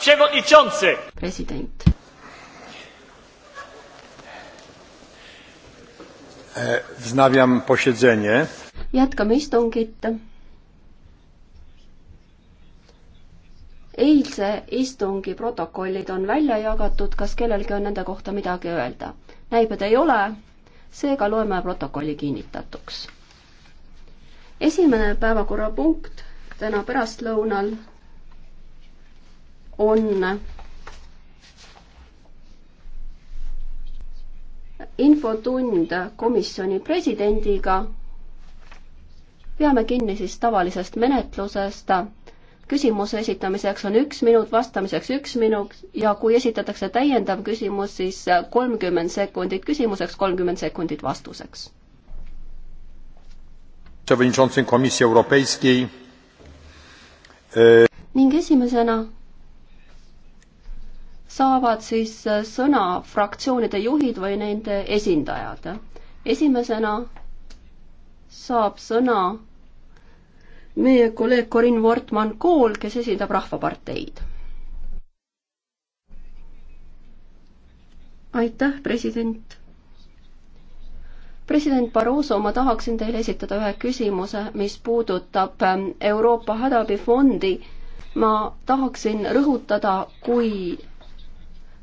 przewodniczący! Prezydent. E, wznawiam posiedzenie. Jätkame istungit. Eilse istungi protokollid on välja jagatud, kas kellelgi on nende kohta midagi öelda? näib, et ei ole, seega loeme protokolli kinnitatuks. esimene päevakorrapunkt täna pärastlõunal on infotund komisjoni presidendiga. peame kinni siis tavalisest menetlusest. küsimuse esitamiseks on üks minut, vastamiseks üks minut ja kui esitatakse täiendav küsimus, siis kolmkümmend sekundit küsimuseks, kolmkümmend sekundit vastuseks. E, ning esimesena saavad siis äh, sõna fraktsioonide juhid või nende esindajad. esimesena saab sõna meie kolleeg Corin Wortmann-Kool, kes esindab Rahvaparteid. aitäh, president. president Barroso, ma tahaksin teile esitada ühe küsimuse, mis puudutab ähm, Euroopa hädaabifondi. ma tahaksin rõhutada, kui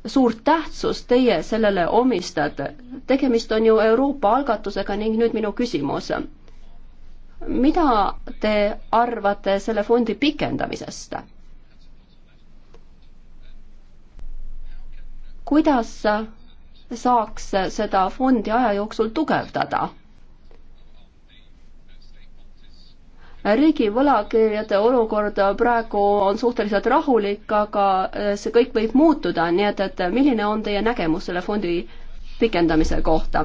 suurt tähtsust teie sellele omistate. tegemist on ju Euroopa algatusega ning nüüd minu küsimus. mida te arvate selle fondi pikendamisest? kuidas saaks seda fondi aja jooksul tugevdada? riigi võlakirjade olukord praegu on suhteliselt rahulik, aga äh, see kõik võib muutuda, nii et, et milline on teie nägemus selle fondi pikendamise kohta?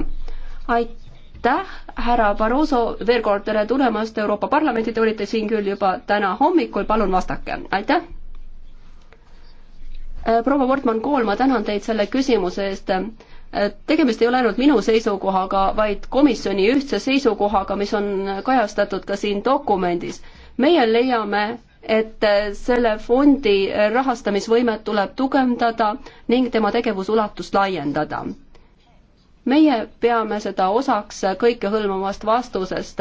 aitäh, härra Barroso, veel kord tere tulemast Euroopa Parlamenti, te olite siin küll juba täna hommikul, palun vastake, aitäh! Äh, proua Wortmann-Kool, ma tänan teid selle küsimuse eest Äh, tegemist ei ole ainult minu seisukohaga, vaid komisjoni ühtse seisukohaga, mis on kajastatud ka siin dokumendis. meie leiame, et äh, selle fondi rahastamisvõimet tuleb tugevdada ning tema tegevusulatust laiendada. meie peame seda osaks kõikehõlmavast vastusest.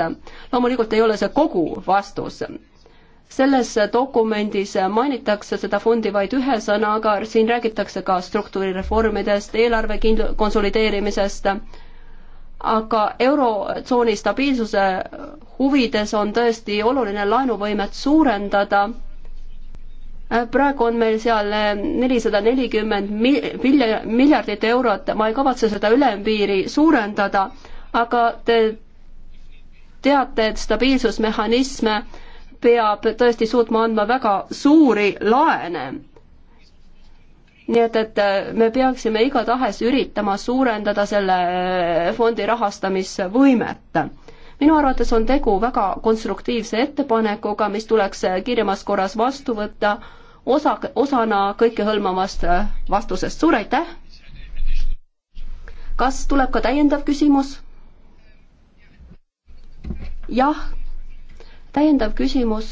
loomulikult ei ole see kogu vastus selles dokumendis mainitakse seda fondi vaid ühe sõnaga, siin räägitakse ka struktuurireformidest, eelarve kindl-, konsolideerimisest, aga Eurotsooni stabiilsuse huvides on tõesti oluline laenuvõimet suurendada, praegu on meil seal nelisada nelikümmend mil-, miljardit eurot, ma ei kavatse seda ülempiiri suurendada, aga te teate, et stabiilsusmehhanisme peab tõesti suutma andma väga suuri laene. nii et, et äh, me peaksime igatahes üritama suurendada selle äh, fondi rahastamisvõimet minu arvates on tegu väga konstruktiivse ettepanekuga, mis tuleks äh, kiiremas korras vastu võtta osa, osana kõikehõlmavast vastusest. suur aitäh! kas tuleb ka täiendav küsimus? jah, täiendav küsimus.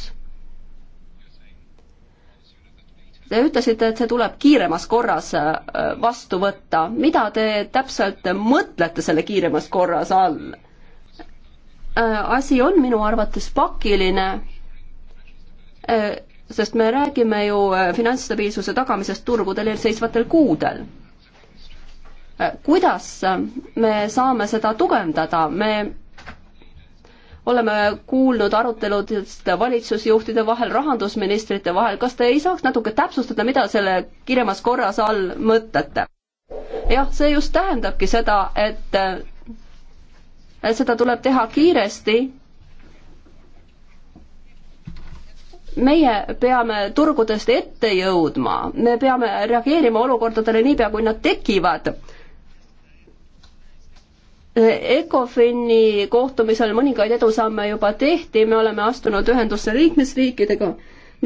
Te ütlesite, et see tuleb kiiremas korras äh, vastu võtta. mida te täpselt mõtlete selle kiiremas korras all? Äh, asi on minu arvates pakiline, äh, sest me räägime ju finantsstabiilsuse tagamisest turgudel eelseisvatel kuudel. kuidas me saame seda tugevdada, me oleme kuulnud aruteludest valitsusjuhtide vahel, rahandusministrite vahel, kas te ei saaks natuke täpsustada, mida selle kiiremas korras all mõtlete? jah, see just tähendabki seda, et seda tuleb teha kiiresti. meie peame turgudest ette jõudma, me peame reageerima olukordadele niipea, kui nad tekivad ECOFIN-i kohtumisel mõningaid edusamme juba tehti, me oleme astunud ühendusse liikmesriikidega.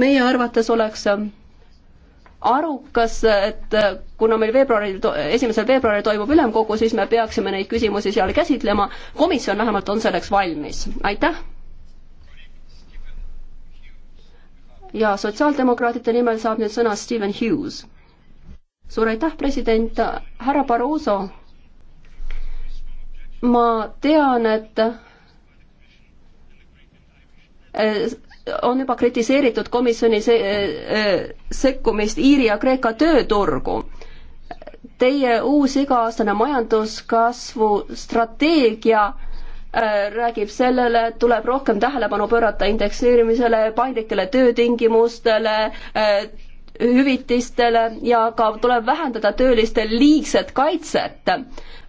meie arvates oleks arukas, et kuna meil veebruaril, esimesel veebruaril toimub ülemkogu, siis me peaksime neid küsimusi seal käsitlema. komisjon vähemalt on selleks valmis, aitäh. ja sotsiaaldemokraatide nimel saab nüüd sõna Steven Hughes. suur aitäh, president, härra Barroso ma tean, et äh, on juba kritiseeritud komisjoni äh, äh, sekkumist Iiri ja Kreeka tööturgu. Teie uus iga-aastane majanduskasvu strateegia räägib sellele, et tuleb rohkem tähelepanu pöörata indekseerimisele, paindlikele töötingimustele, hüvitistele ja ka tuleb vähendada tööliste liigset kaitset.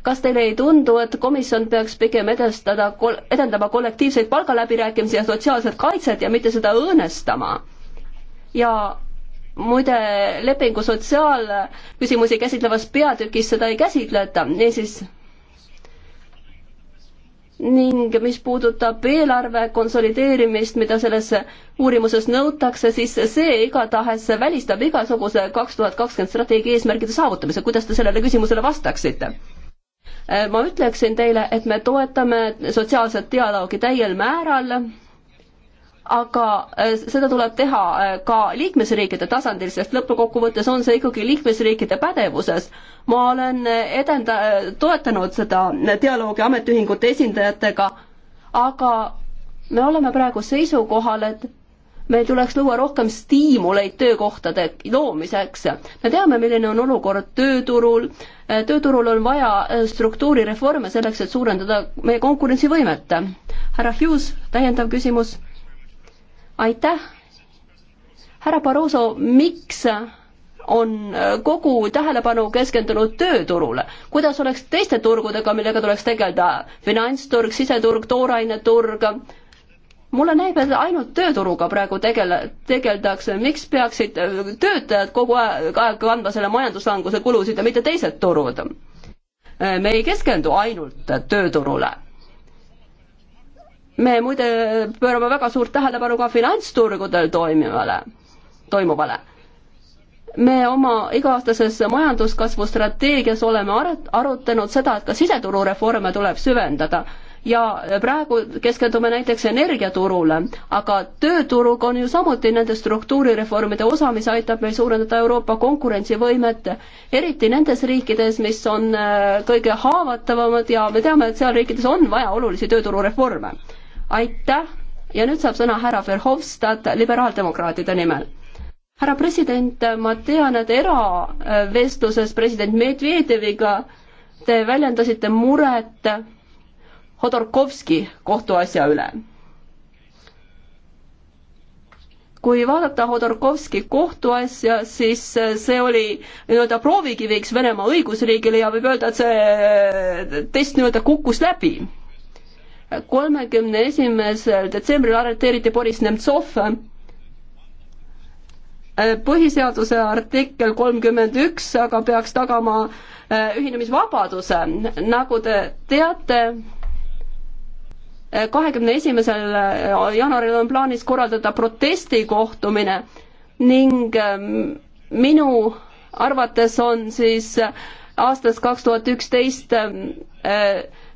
kas teile ei tundu, et komisjon peaks pigem edestada, edendama kollektiivseid palgaläbirääkimisi ja sotsiaalset kaitset ja mitte seda õõnestama? ja muide, lepingu sotsiaalküsimusi käsitlevas peatükis seda ei käsitleta, niisiis ning mis puudutab eelarve konsolideerimist, mida selles uurimuses nõutakse, siis see igatahes välistab igasuguse kaks tuhat kakskümmend strateegia eesmärgide saavutamise. kuidas te sellele küsimusele vastaksite? Äh, ma ütleksin teile, et me toetame sotsiaalset dialoogi täiel määral aga äh, seda tuleb teha äh, ka liikmesriikide tasandil, sest lõppkokkuvõttes on see ikkagi liikmesriikide pädevuses. ma olen äh, edenda-, toetanud seda dialoogi ametiühingute esindajatega, aga me oleme praegu seisukohal, et meil tuleks luua rohkem stiimuleid töökohtade loomiseks. me teame, milline on olukord tööturul, tööturul on vaja struktuurireforme selleks, et suurendada meie konkurentsivõimet. härra Hughes, täiendav küsimus aitäh. härra Barroso, miks on kogu tähelepanu keskendunud tööturule, kuidas oleks teiste turgudega, millega tuleks tegeleda, finantsturg, siseturg, tooraineturg, mulle näib, et ainult tööturuga praegu tegele, tegeldakse, miks peaksid töötajad kogu aeg, aeg kandma selle majanduslanguse kulusid ja mitte teised turud? me ei keskendu ainult tööturule me muide pöörame väga suurt tähelepanu ka finantsturgudel toimivale, toimuvale. me oma iga-aastases majanduskasvu strateegias oleme arutanud seda, et ka siseturureforme tuleb süvendada ja praegu keskendume näiteks energiaturule, aga tööturuga on ju samuti nende struktuurireformide osa, mis aitab meil suurendada Euroopa konkurentsivõimet, eriti nendes riikides, mis on äh, kõige haavatavamad ja me teame, et seal riikides on vaja olulisi tööturureforme aitäh ja nüüd saab sõna härra Verhofstadt liberaaldemokraatide nimel. härra president, ma tean, et eravestluses president Medvedjeviga te väljendasite muret Hodorkovski kohtuasja üle. kui vaadata Hodorkovski kohtuasja, siis see oli nii-öelda proovikiviks Venemaa õigusriigile ja võib öelda, et see test nii-öelda kukkus läbi kolmekümne esimesel detsembril arreteeriti Boris Nemtsov. põhiseaduse artikkel kolmkümmend üks aga peaks tagama äh, ühinemisvabaduse, nagu te teate, äh, kahekümne esimesel äh, jaanuaril on plaanis korraldada protestikohtumine ning ähm, minu arvates on siis aastast kaks tuhat üksteist ähm,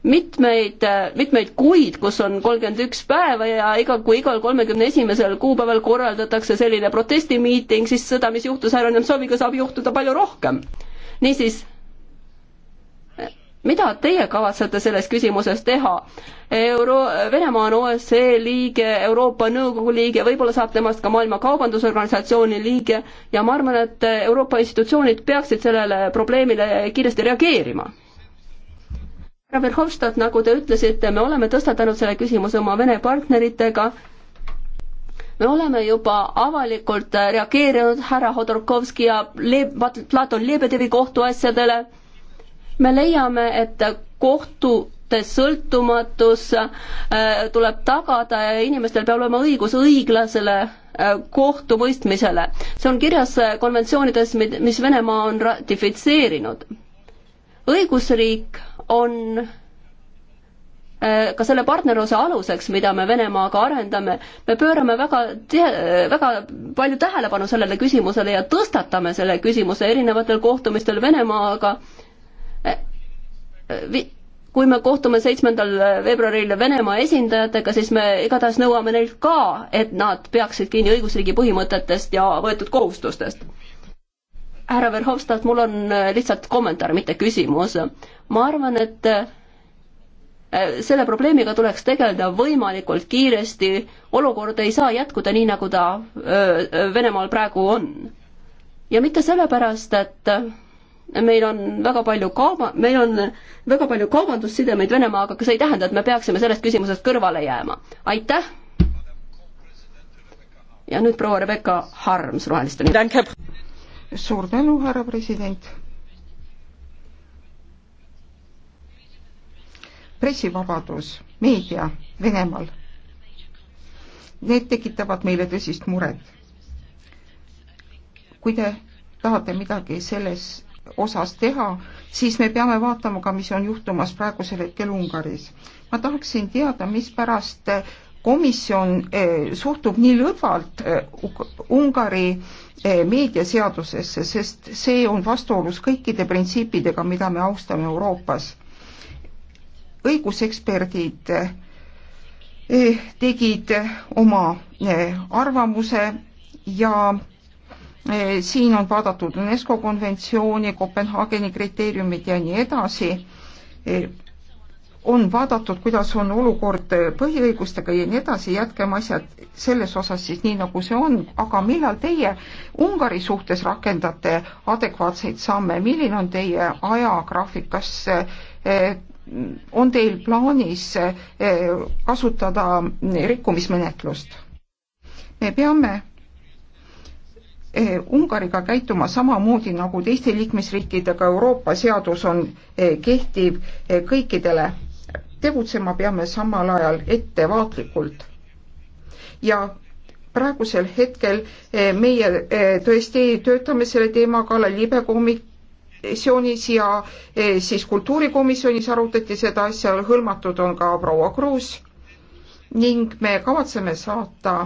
mitmeid, mitmeid kuid, kus on kolmkümmend üks päeva ja iga, kui igal kolmekümne esimesel kuupäeval korraldatakse selline protestimiiting, siis seda, mis juhtus härra Nemtsoviga, saab juhtuda palju rohkem. niisiis, mida teie kavatsete selles küsimuses teha? Euro-, Venemaa on OSCE liige, Euroopa Nõukogu liige, võib-olla saab temast ka Maailma Kaubandusorganisatsiooni liige ja ma arvan, et Euroopa institutsioonid peaksid sellele probleemile kiiresti reageerima härra Verhofstadt, nagu te ütlesite, me oleme tõstatanud selle küsimuse oma Vene partneritega me oleme juba avalikult reageerinud härra Hodorkovski ja Le-, Platon Lebedevi kohtuasjadele. me leiame, et kohtute sõltumatus äh, tuleb tagada ja inimestel peab olema õigus õiglasele äh, kohtumõistmisele. see on kirjas äh, konventsioonides, mis Venemaa on ratifitseerinud. õigusriik on äh, ka selle partnerluse aluseks, mida me Venemaaga arendame, me pöörame väga tihe-, äh, väga palju tähelepanu sellele küsimusele ja tõstatame selle küsimuse erinevatel kohtumistel Venemaaga. Äh, kui me kohtume seitsmendal veebruaril Venemaa esindajatega, siis me igatahes nõuame neilt ka, et nad peaksid kinni õigusriigi põhimõtetest ja võetud kohustustest härra Verhofstadt, mul on äh, lihtsalt kommentaar, mitte küsimus. ma arvan, et äh, selle probleemiga tuleks tegeleda võimalikult kiiresti, olukord ei saa jätkuda nii, nagu ta äh, Venemaal praegu on. ja mitte sellepärast, et meil on väga palju kauba, meil on väga palju kaubandussidemeid Venemaaga, aga see ei tähenda, et me peaksime sellest küsimusest kõrvale jääma. aitäh! ja nüüd proua Rebecca Harms roheliste nimel suur tänu, härra president. pressivabadus, meedia Venemaal, need tekitavad meile tõsist muret. kui te tahate midagi selles osas teha, siis me peame vaatama ka, mis on juhtumas praegusel hetkel Ungaris. ma tahaksin teada, mispärast komisjon eh, suhtub nii lõdvalt eh, Ungari eh, meediaseadusesse, sest see on vastuolus kõikide printsiipidega, mida me austame Euroopas. õiguseksperdid tegid oma arvamuse ja siin on vaadatud UNESCO konventsiooni, Kopenhaageni kriteeriumid ja nii edasi on vaadatud, kuidas on olukord põhiõigustega ja nii edasi, jätkem asjad selles osas siis nii, nagu see on, aga millal teie Ungari suhtes rakendate adekvaatseid samme, milline on teie ajagraafik, kas eh, on teil plaanis eh, kasutada rikkumismenetlust? me peame eh, Ungariga käituma samamoodi nagu teiste liikmesriikidega, Euroopa seadus on kehtiv kõikidele tegutsema peame samal ajal ettevaatlikult. ja praegusel hetkel eh, meie eh, tõesti töötame selle teema kallal libekomisjonis ja eh, siis kultuurikomisjonis arutati seda asja, hõlmatud on ka proua Kruus ning me kavatseme saata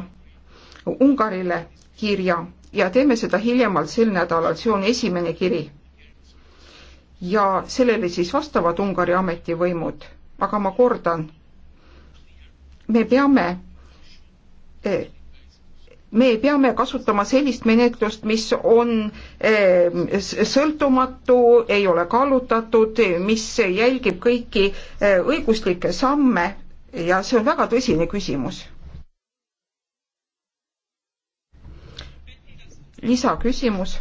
Ungarile kirja ja teeme seda hiljemalt sel nädalal, see on esimene kiri. ja sellele siis vastavad Ungari ametivõimud aga ma kordan, me peame eh, me peame kasutama sellist menetlust, mis on eh, sõltumatu, ei ole kallutatud, mis jälgib kõiki eh, õiguslikke samme ja see on väga tõsine küsimus. lisaküsimus.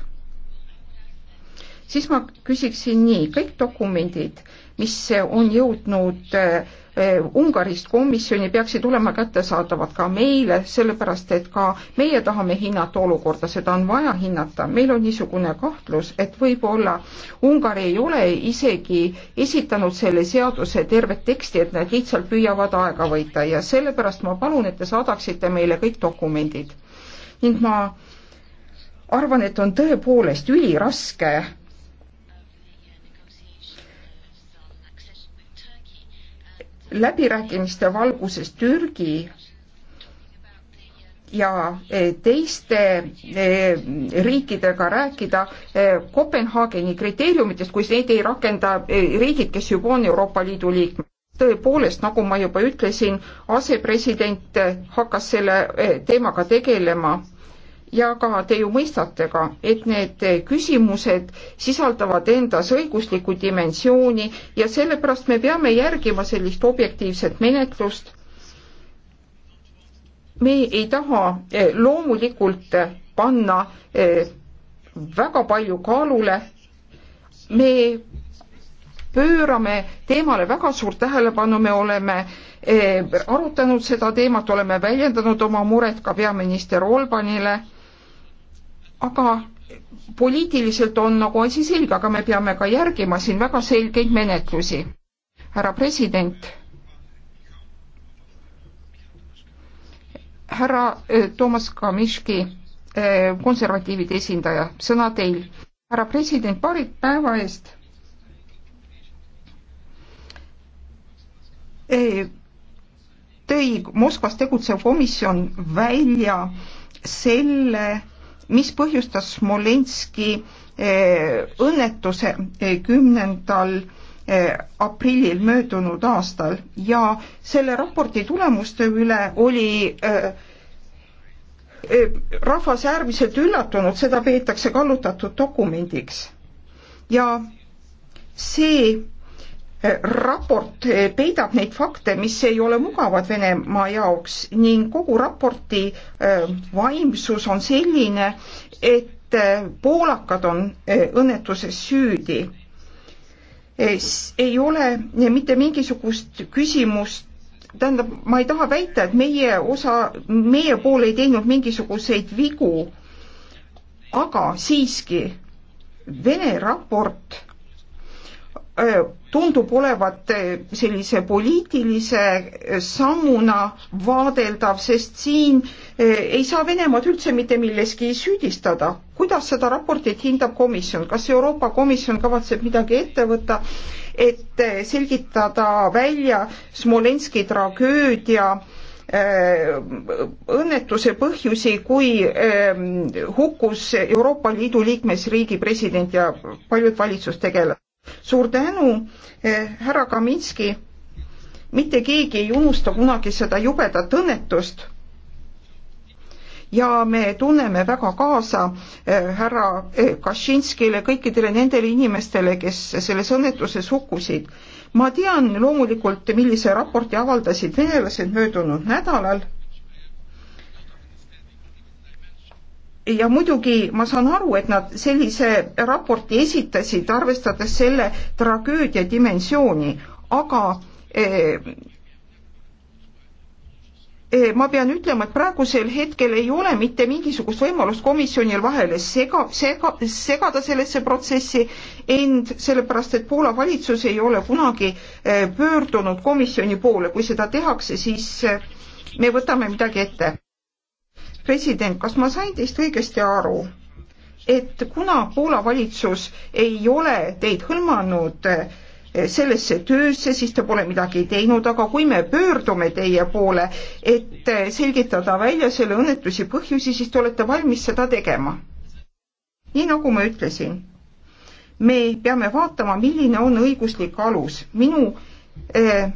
siis ma küsiksin nii, kõik dokumendid, mis on jõudnud eh, eh, Ungarist komisjoni, peaksid olema kättesaadavad ka meile, sellepärast et ka meie tahame hinnata olukorda, seda on vaja hinnata. meil on niisugune kahtlus, et võib-olla Ungari ei ole isegi esitanud selle seaduse tervet teksti, et nad lihtsalt püüavad aega võita ja sellepärast ma palun, et te saadaksite meile kõik dokumendid. ning ma arvan, et on tõepoolest üliraske läbirääkimiste valguses Türgi ja eh, teiste eh, riikidega rääkida eh, Kopenhaageni kriteeriumitest, kui neid ei rakenda riigid, kes juba on Euroopa Liidu liikmed. tõepoolest, nagu ma juba ütlesin, asepresident hakkas selle teemaga tegelema ja ka te ju mõistate ka, et need küsimused sisaldavad endas õiguslikku dimensiooni ja sellepärast me peame järgima sellist objektiivset menetlust. me ei taha eh, loomulikult panna eh, väga palju kaalule. me pöörame teemale väga suurt tähelepanu, me oleme eh, arutanud seda teemat, oleme väljendanud oma muret ka peaminister Olbanile aga poliitiliselt on nagu asi selge, aga me peame ka järgima siin väga selgeid menetlusi. härra president, härra äh, Toomas Kamiški, äh, konservatiivide esindaja, sõna teil. härra president, paari päeva eest äh, tõi Moskvas tegutsev komisjon välja selle mis põhjustas Smolenski eh, õnnetuse eh, kümnendal eh, aprillil möödunud aastal ja selle raporti tulemuste üle oli rahvas äärmiselt üllatunud, seda peetakse kallutatud dokumendiks. ja see raport eh, peidab neid fakte, mis ei ole mugavad Venemaa jaoks ning kogu raporti eh, vaimsus on selline, et eh, poolakad on õnnetuses süüdi. ei ole mitte mingisugust küsimust, tähendab, ma ei taha väita, et meie osa, meie pool ei teinud mingisuguseid vigu, aga siiski Vene raport tundub olevat sellise poliitilise sammuna vaadeldav, sest siin ei saa Venemaad üldse mitte milleski süüdistada. kuidas seda raportit hindab komisjon, kas Euroopa Komisjon kavatseb midagi ette võtta, et selgitada välja Smolenski tragöödia õnnetuse põhjusi, kui hukkus Euroopa Liidu liikmesriigi president ja paljud valitsustegelased suur tänu, eh, härra Kaminski. mitte keegi ei unusta kunagi seda jubedat õnnetust. ja me tunneme väga kaasa eh, härra eh, Kašinskile, kõikidele nendele inimestele, kes selles õnnetuses hukkusid. ma tean loomulikult, millise raporti avaldasid venelased möödunud nädalal ja muidugi ma saan aru, et nad sellise raporti esitasid, arvestades selle tragöödia dimensiooni, aga eh, eh, ma pean ütlema, et praegusel hetkel ei ole mitte mingisugust võimalust komisjonil vahele sega, sega, segada sellesse protsessi, ent sellepärast, et Poola valitsus ei ole kunagi eh, pöördunud komisjoni poole, kui seda tehakse, siis eh, me võtame midagi ette president, kas ma sain teist õigesti aru, et kuna Poola valitsus ei ole teid hõlmanud eh, sellesse töösse, siis te pole midagi teinud, aga kui me pöördume teie poole, et eh, selgitada välja selle õnnetuse põhjusi, siis te olete valmis seda tegema. nii nagu ma ütlesin, me peame vaatama, milline on õiguslik alus. minu eh,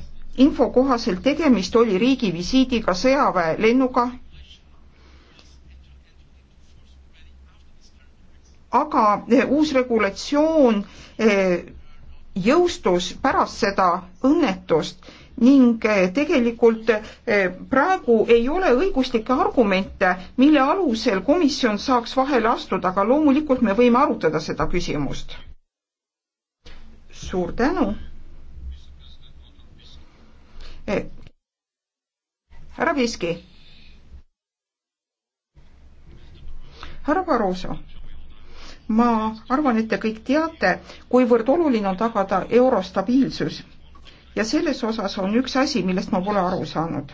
info kohaselt tegemist oli riigivisiidiga sõjaväelennuga aga eh, uus regulatsioon eh, jõustus pärast seda õnnetust ning eh, tegelikult praegu ei ole õiguslikke argumente, mille alusel komisjon saaks vahele astuda, aga loomulikult me võime arutada seda küsimust. suur tänu. härra Viski. härra Barroso ma arvan, et te kõik teate, kuivõrd oluline on tagada euro stabiilsus. ja selles osas on üks asi, millest ma pole aru saanud.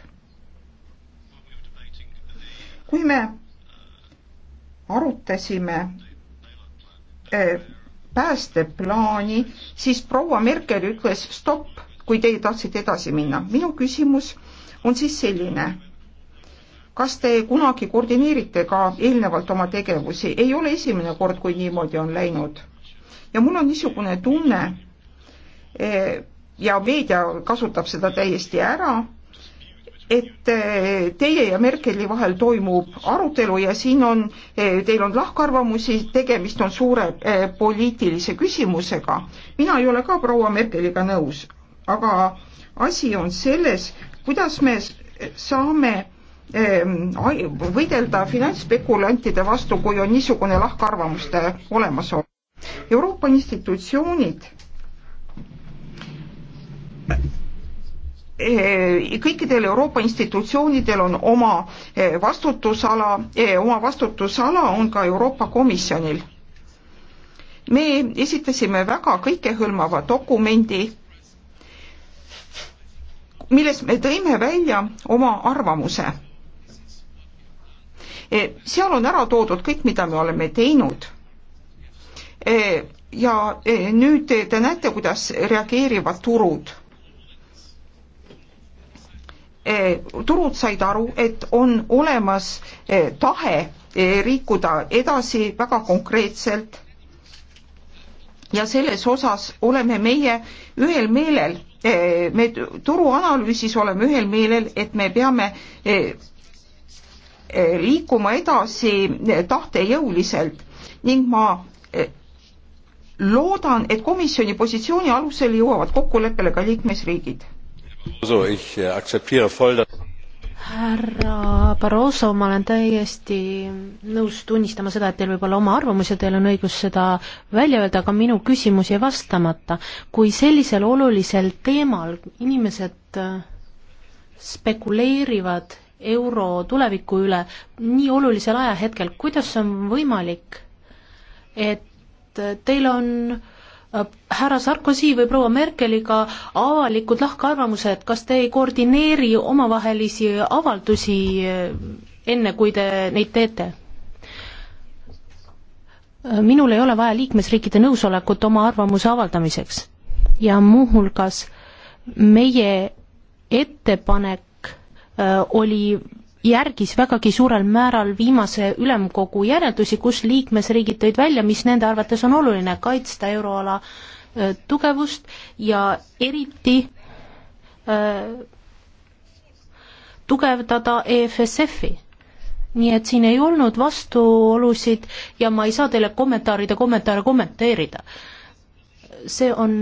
kui me arutasime eh, päästeplaani, siis proua Merkel ütles stopp, kui teie tahtsite edasi minna. minu küsimus on siis selline kas te kunagi koordineerite ka eelnevalt oma tegevusi? ei ole esimene kord, kui niimoodi on läinud. ja mul on niisugune tunne eh, ja meedia kasutab seda täiesti ära, et eh, teie ja Merkeli vahel toimub arutelu ja siin on, eh, teil on lahkarvamusi, tegemist on suure poliitilise küsimusega. mina ei ole ka proua Merkeliga nõus, aga asi on selles, kuidas me saame Ehm, võidelda finantsspekulantide vastu, kui on niisugune lahkarvamuste olemasolu. Euroopa institutsioonid eh, kõikidel Euroopa institutsioonidel on oma eh, vastutusala, eh, oma vastutusala on ka Euroopa Komisjonil. me esitasime väga kõikehõlmava dokumendi, milles me tõime välja oma arvamuse Eh, seal on ära toodud kõik, mida me oleme teinud eh, ja eh, nüüd te näete, kuidas reageerivad turud. turud said aru, et on olemas tahe liikuda edasi väga konkreetselt. ja selles osas oleme meie ühel meelel, me turuanalüüsis oleme ühel meelel, et me peame Eh, liikuma edasi eh, tahtejõuliselt ning ma eh, loodan, et komisjoni positsiooni alusel jõuavad kokkuleppele ka liikmesriigid. härra Barroso, ma olen täiesti nõus tunnistama seda, et teil võib olla oma arvamus ja teil on õigus seda välja öelda, aga minu küsimus jäi vastamata. kui sellisel olulisel teemal inimesed spekuleerivad euro tuleviku üle nii olulisel ajahetkel, kuidas on võimalik, et teil on äh, härra Sarkozy või proua Merkeliga avalikud lahkarvamused, kas te ei koordineeri omavahelisi avaldusi äh, enne, kui te neid teete? Äh, minul ei ole vaja liikmesriikide nõusolekut oma arvamuse avaldamiseks ja muuhulgas meie ettepanek Äh, oli järgis vägagi suurel määral viimase ülemkogu järeldusi, kus liikmesriigid tõid välja, mis nende arvates on oluline, kaitsta euroala äh, tugevust ja eriti äh, tugevdada EFSF-i. nii et siin ei olnud vastuolusid ja ma ei saa teile kommentaaride kommentaare kommenteerida. see on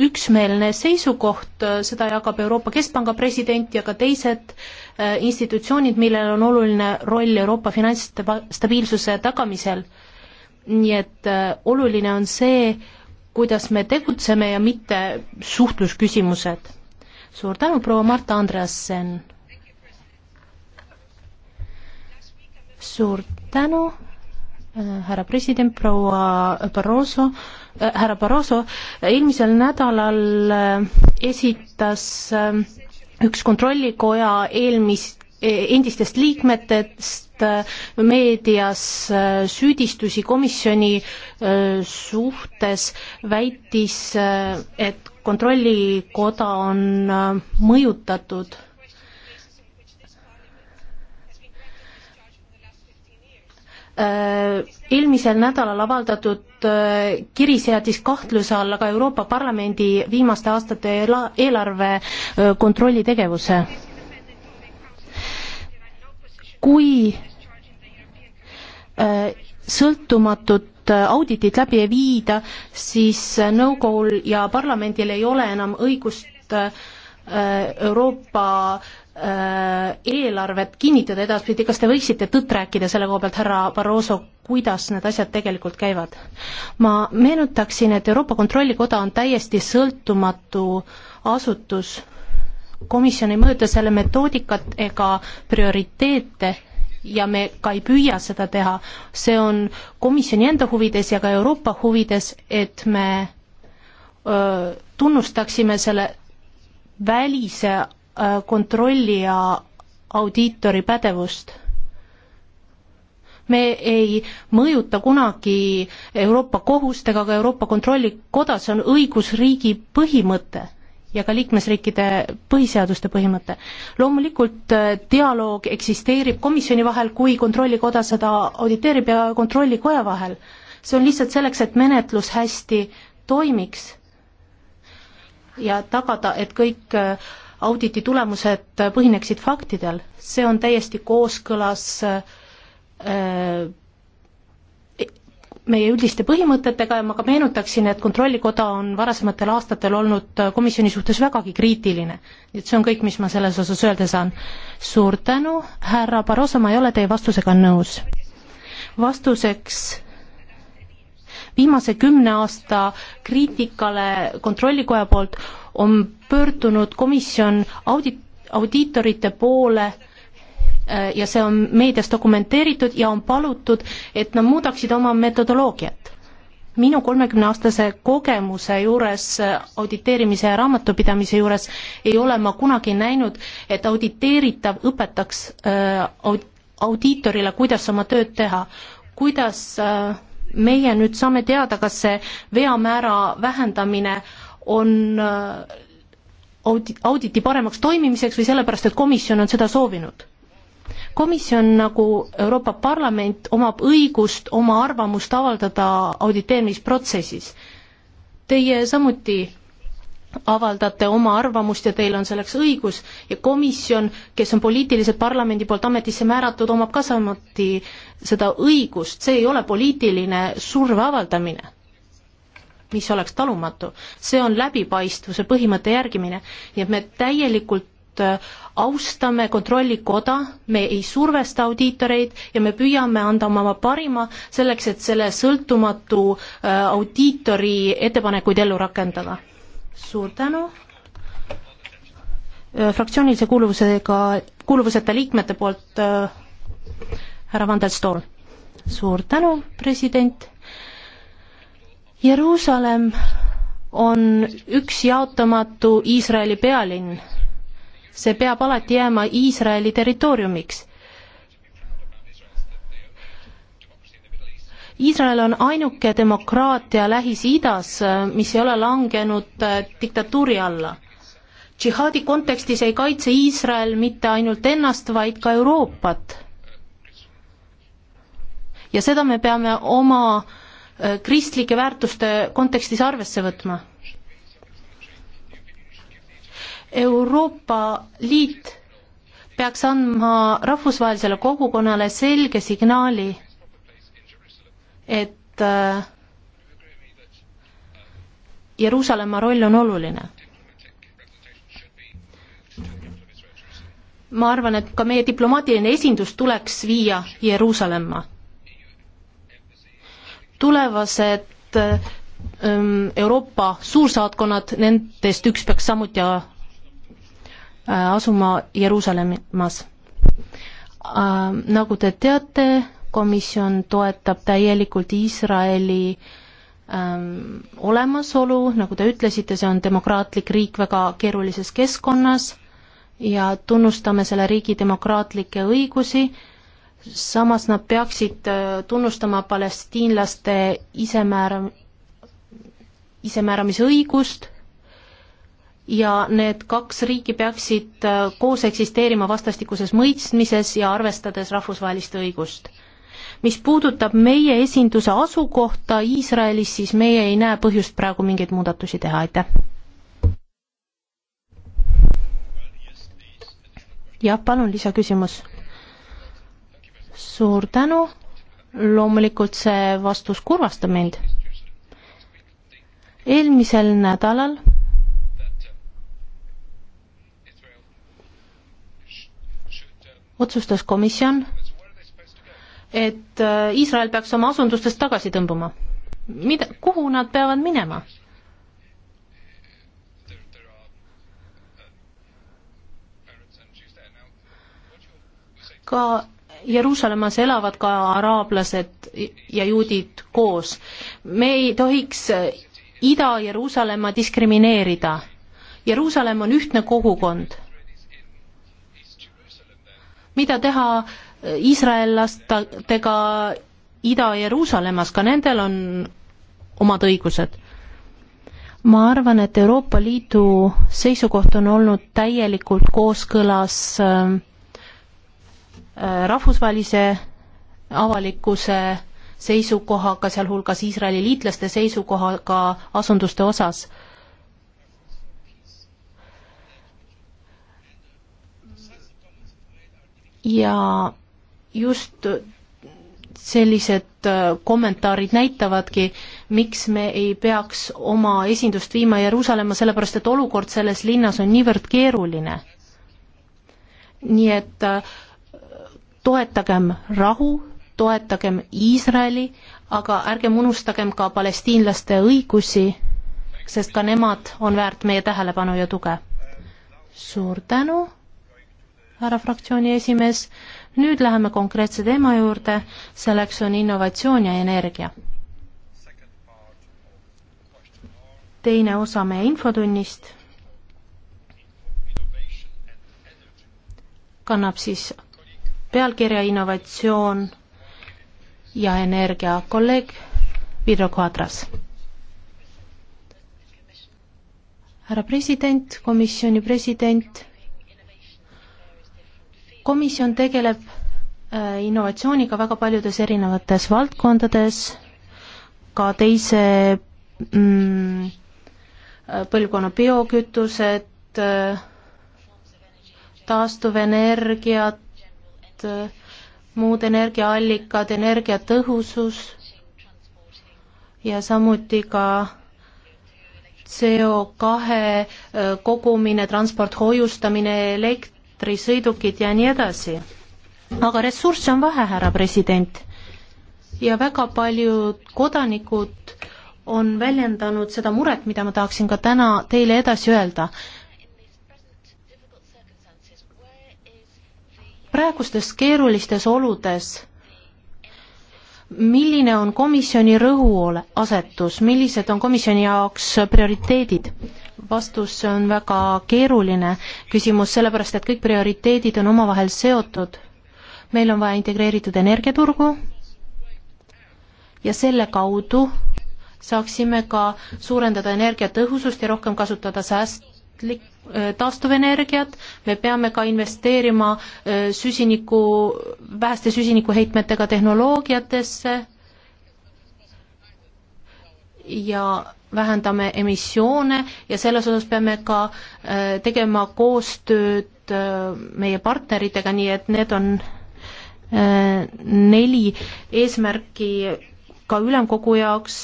üksmeelne seisukoht, seda jagab Euroopa Keskpanga president ja ka teised äh, institutsioonid, millel on oluline roll Euroopa finantsstabiilsuse tagamisel. nii et äh, oluline on see, kuidas me tegutseme ja mitte suhtlusküsimused. suur tänu, proua Marta Andreasen. suur tänu, äh, härra president, proua Barroso Äh, härra Barroso, äh, eelmisel nädalal äh, esitas üks kontrollikoja eelmist endistest liikmetest meedias süüdistusi komisjoni suhtes, väitis, et kontrollikoda on mõjutatud Äh, eelmisel nädalal avaldatud äh, kiri seadis kahtluse alla ka Euroopa Parlamendi viimaste aastate eelarve äh, kontrolli tegevuse. kui sõltumatut auditit läbi ei viida, siis nõukogul ja parlamendil ei ole enam õigust Euroopa Äh, eelarvet kinnitada edaspidi, kas te võiksite tõtt rääkida selle koha pealt, härra Barroso, kuidas need asjad tegelikult käivad? ma meenutaksin, et Euroopa Kontrollikoda on täiesti sõltumatu asutus, komisjon ei mõjuta selle metoodikat ega prioriteete ja me ka ei püüa seda teha, see on komisjoni enda huvides ja ka Euroopa huvides, et me öö, tunnustaksime selle välise Äh, kontrolli ja audiitori pädevust. me ei mõjuta kunagi Euroopa kohust ega ka Euroopa Kontrollikoda, see on õigusriigi põhimõte ja ka liikmesriikide põhiseaduste põhimõte. loomulikult äh, dialoog eksisteerib komisjoni vahel, kui Kontrollikoda seda auditeerib ja Kontrollikoja vahel. see on lihtsalt selleks, et menetlus hästi toimiks ja tagada, et kõik äh, auditi tulemused põhineksid faktidel, see on täiesti kooskõlas äh, meie üldiste põhimõtetega ja ma ka meenutaksin, et Kontrollikoda on varasematel aastatel olnud komisjoni suhtes vägagi kriitiline. et see on kõik, mis ma selles osas öelda saan. suur tänu, härra Barroso, ma ei ole teie vastusega nõus. vastuseks viimase kümne aasta kriitikale Kontrollikoja poolt on pöördunud komisjon audit, audiitorite poole äh, ja see on meedias dokumenteeritud ja on palutud, et nad muudaksid oma metodoloogiat. minu kolmekümneaastase kogemuse juures, äh, auditeerimise ja raamatupidamise juures, ei ole ma kunagi näinud, et auditeeritav õpetaks äh, audiitorile, kuidas oma tööd teha, kuidas äh, meie nüüd saame teada, kas see veamäära vähendamine on äh, audi-, auditi paremaks toimimiseks või sellepärast, et komisjon on seda soovinud? komisjon nagu Euroopa Parlament omab õigust oma arvamust avaldada auditeerimisprotsessis. Teie samuti avaldate oma arvamust ja teil on selleks õigus ja komisjon, kes on poliitiliselt parlamendi poolt ametisse määratud, omab ka samuti seda õigust, see ei ole poliitiline surve avaldamine, mis oleks talumatu. see on läbipaistvuse põhimõtte järgimine, nii et me täielikult äh, austame Kontrollikoda, me ei survesta audiitoreid ja me püüame anda oma parima selleks, et selle sõltumatu äh, audiitori ettepanekuid ellu rakendada suur tänu. Äh, fraktsioonilise kuuluvusega, kuuluvuseta liikmete poolt äh, härra Van der Stool. suur tänu, president. Jeruusalemm on üks jaotamatu Iisraeli pealinn. see peab alati jääma Iisraeli territooriumiks Iisrael on ainuke demokraatia Lähis-Idas, mis ei ole langenud äh, diktatuuri alla. džihaadi kontekstis ei kaitse Iisrael mitte ainult ennast, vaid ka Euroopat. ja seda me peame oma äh, kristlike väärtuste kontekstis arvesse võtma. Euroopa Liit peaks andma rahvusvahelisele kogukonnale selge signaali et äh, Jeruusalemma roll on oluline. ma arvan, et ka meie diplomaatiline esindus tuleks viia Jeruusalemma. tulevased ähm, Euroopa suursaatkonnad, nendest üks peaks samuti äh, asuma Jeruusalemmas. Äh, nagu te teate, komisjon toetab täielikult Iisraeli ähm, olemasolu, nagu te ütlesite, see on demokraatlik riik väga keerulises keskkonnas ja tunnustame selle riigi demokraatlikke õigusi, samas nad peaksid äh, tunnustama palestiinlaste isemäära, isemääramisõigust ja need kaks riiki peaksid äh, koos eksisteerima vastastikuses mõistmises ja arvestades rahvusvahelist õigust mis puudutab meie esinduse asukohta Iisraelis, siis meie ei näe põhjust praegu mingeid muudatusi teha, aitäh. jah, palun lisaküsimus. suur tänu, loomulikult see vastus kurvastab mind. eelmisel nädalal otsustas komisjon et äh, Iisrael peaks oma asundustest tagasi tõmbuma. mida, kuhu nad peavad minema? ka Jeruusalemmas elavad ka araablased ja juudid koos. me ei tohiks Ida-Jeruusalemma diskrimineerida. Jeruusalemm on ühtne kogukond. mida teha äh, iisraellastega Ida-Jeruusalemmas, ka nendel on omad õigused. ma arvan, et Euroopa Liidu seisukoht on olnud täielikult kooskõlas äh, äh, rahvusvahelise avalikkuse seisukohaga, sealhulgas Iisraeli liitlaste seisukohaga asunduste osas. ja just sellised äh, kommentaarid näitavadki, miks me ei peaks oma esindust viima Jeruusalemma, sellepärast et olukord selles linnas on niivõrd keeruline. nii et äh, toetagem rahu, toetagem Iisraeli, aga ärgem unustagem ka palestiinlaste õigusi, sest ka nemad on väärt meie tähelepanu ja tuge. suur tänu härra fraktsiooni esimees. nüüd läheme konkreetse teema juurde, selleks on innovatsioon ja energia. teine osa meie infotunnist kannab siis pealkirja Innovatsioon ja energia. kolleeg Vidro Kadras. härra president, komisjoni president komisjon tegeleb äh, innovatsiooniga väga paljudes erinevates valdkondades, ka teise mm, äh, põlvkonna biokütused, äh, taastuvenergiat, muud energiaallikad, energiatõhusus ja samuti ka CO kahe kogumine, transport, hoiustamine, elekt-, elektrisõidukid ja nii edasi. aga ressursse on vähe, härra president. ja väga paljud kodanikud on väljendanud seda muret, mida ma tahaksin ka täna teile edasi öelda. praegustes keerulistes oludes milline on komisjoni rõhuasetus, millised on komisjoni jaoks prioriteedid? vastus on väga keeruline küsimus, sellepärast et kõik prioriteedid on omavahel seotud. meil on vaja integreeritud energiaturgu ja selle kaudu saaksime ka suurendada energiatõhusust ja rohkem kasutada säästlik, äh, taastuvenergiat, me peame ka investeerima äh, süsiniku, väheste süsinikuheitmetega tehnoloogiatesse ja vähendame emissioone ja selles osas peame ka äh, tegema koostööd äh, meie partneritega, nii et need on äh, neli eesmärki ka ülemkogu jaoks,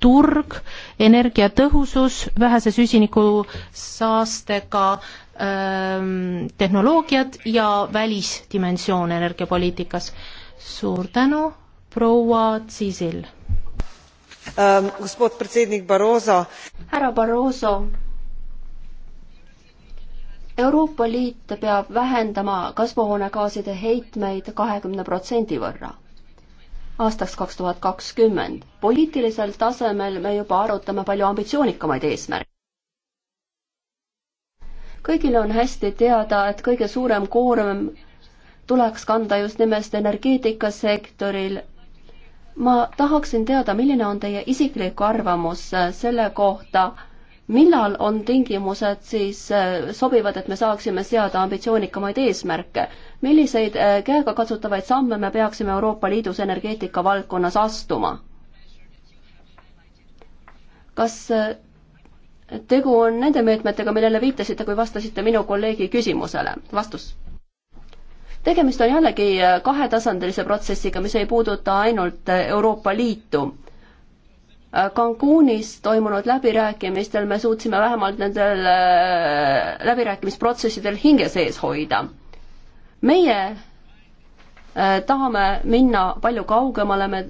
turg, energiatõhusus, vähese süsinikusaastega ähm, tehnoloogiad ja välisdimensioon energiapoliitikas. suur tänu, proua Tsisil Ehm, gospod predsednik Barroso. härra Barroso. Euroopa Liit peab vähendama kasvuhoonegaaside heitmeid kahekümne protsendi võrra aastaks kaks tuhat kakskümmend. poliitilisel tasemel me juba arutame palju ambitsioonikamaid eesmärke. kõigile on hästi teada, et kõige suurem koorem tuleks kanda just nimelt energeetikasektoril ma tahaksin teada, milline on teie isiklik arvamus äh, selle kohta, millal on tingimused siis äh, sobivad, et me saaksime seada ambitsioonikamaid eesmärke? milliseid äh, käegakatsutavaid samme me peaksime Euroopa Liidus energeetika valdkonnas astuma? kas tegu on nende meetmetega, millele viitasite, kui vastasite minu kolleegi küsimusele? vastus tegemist on jällegi äh, kahetasandilise protsessiga, mis ei puuduta ainult äh, Euroopa Liitu. Äh, Cancunis toimunud läbirääkimistel me suutsime vähemalt nendel läbirääkimisprotsessidel hinge sees hoida. meie tahame minna palju kaugemale, me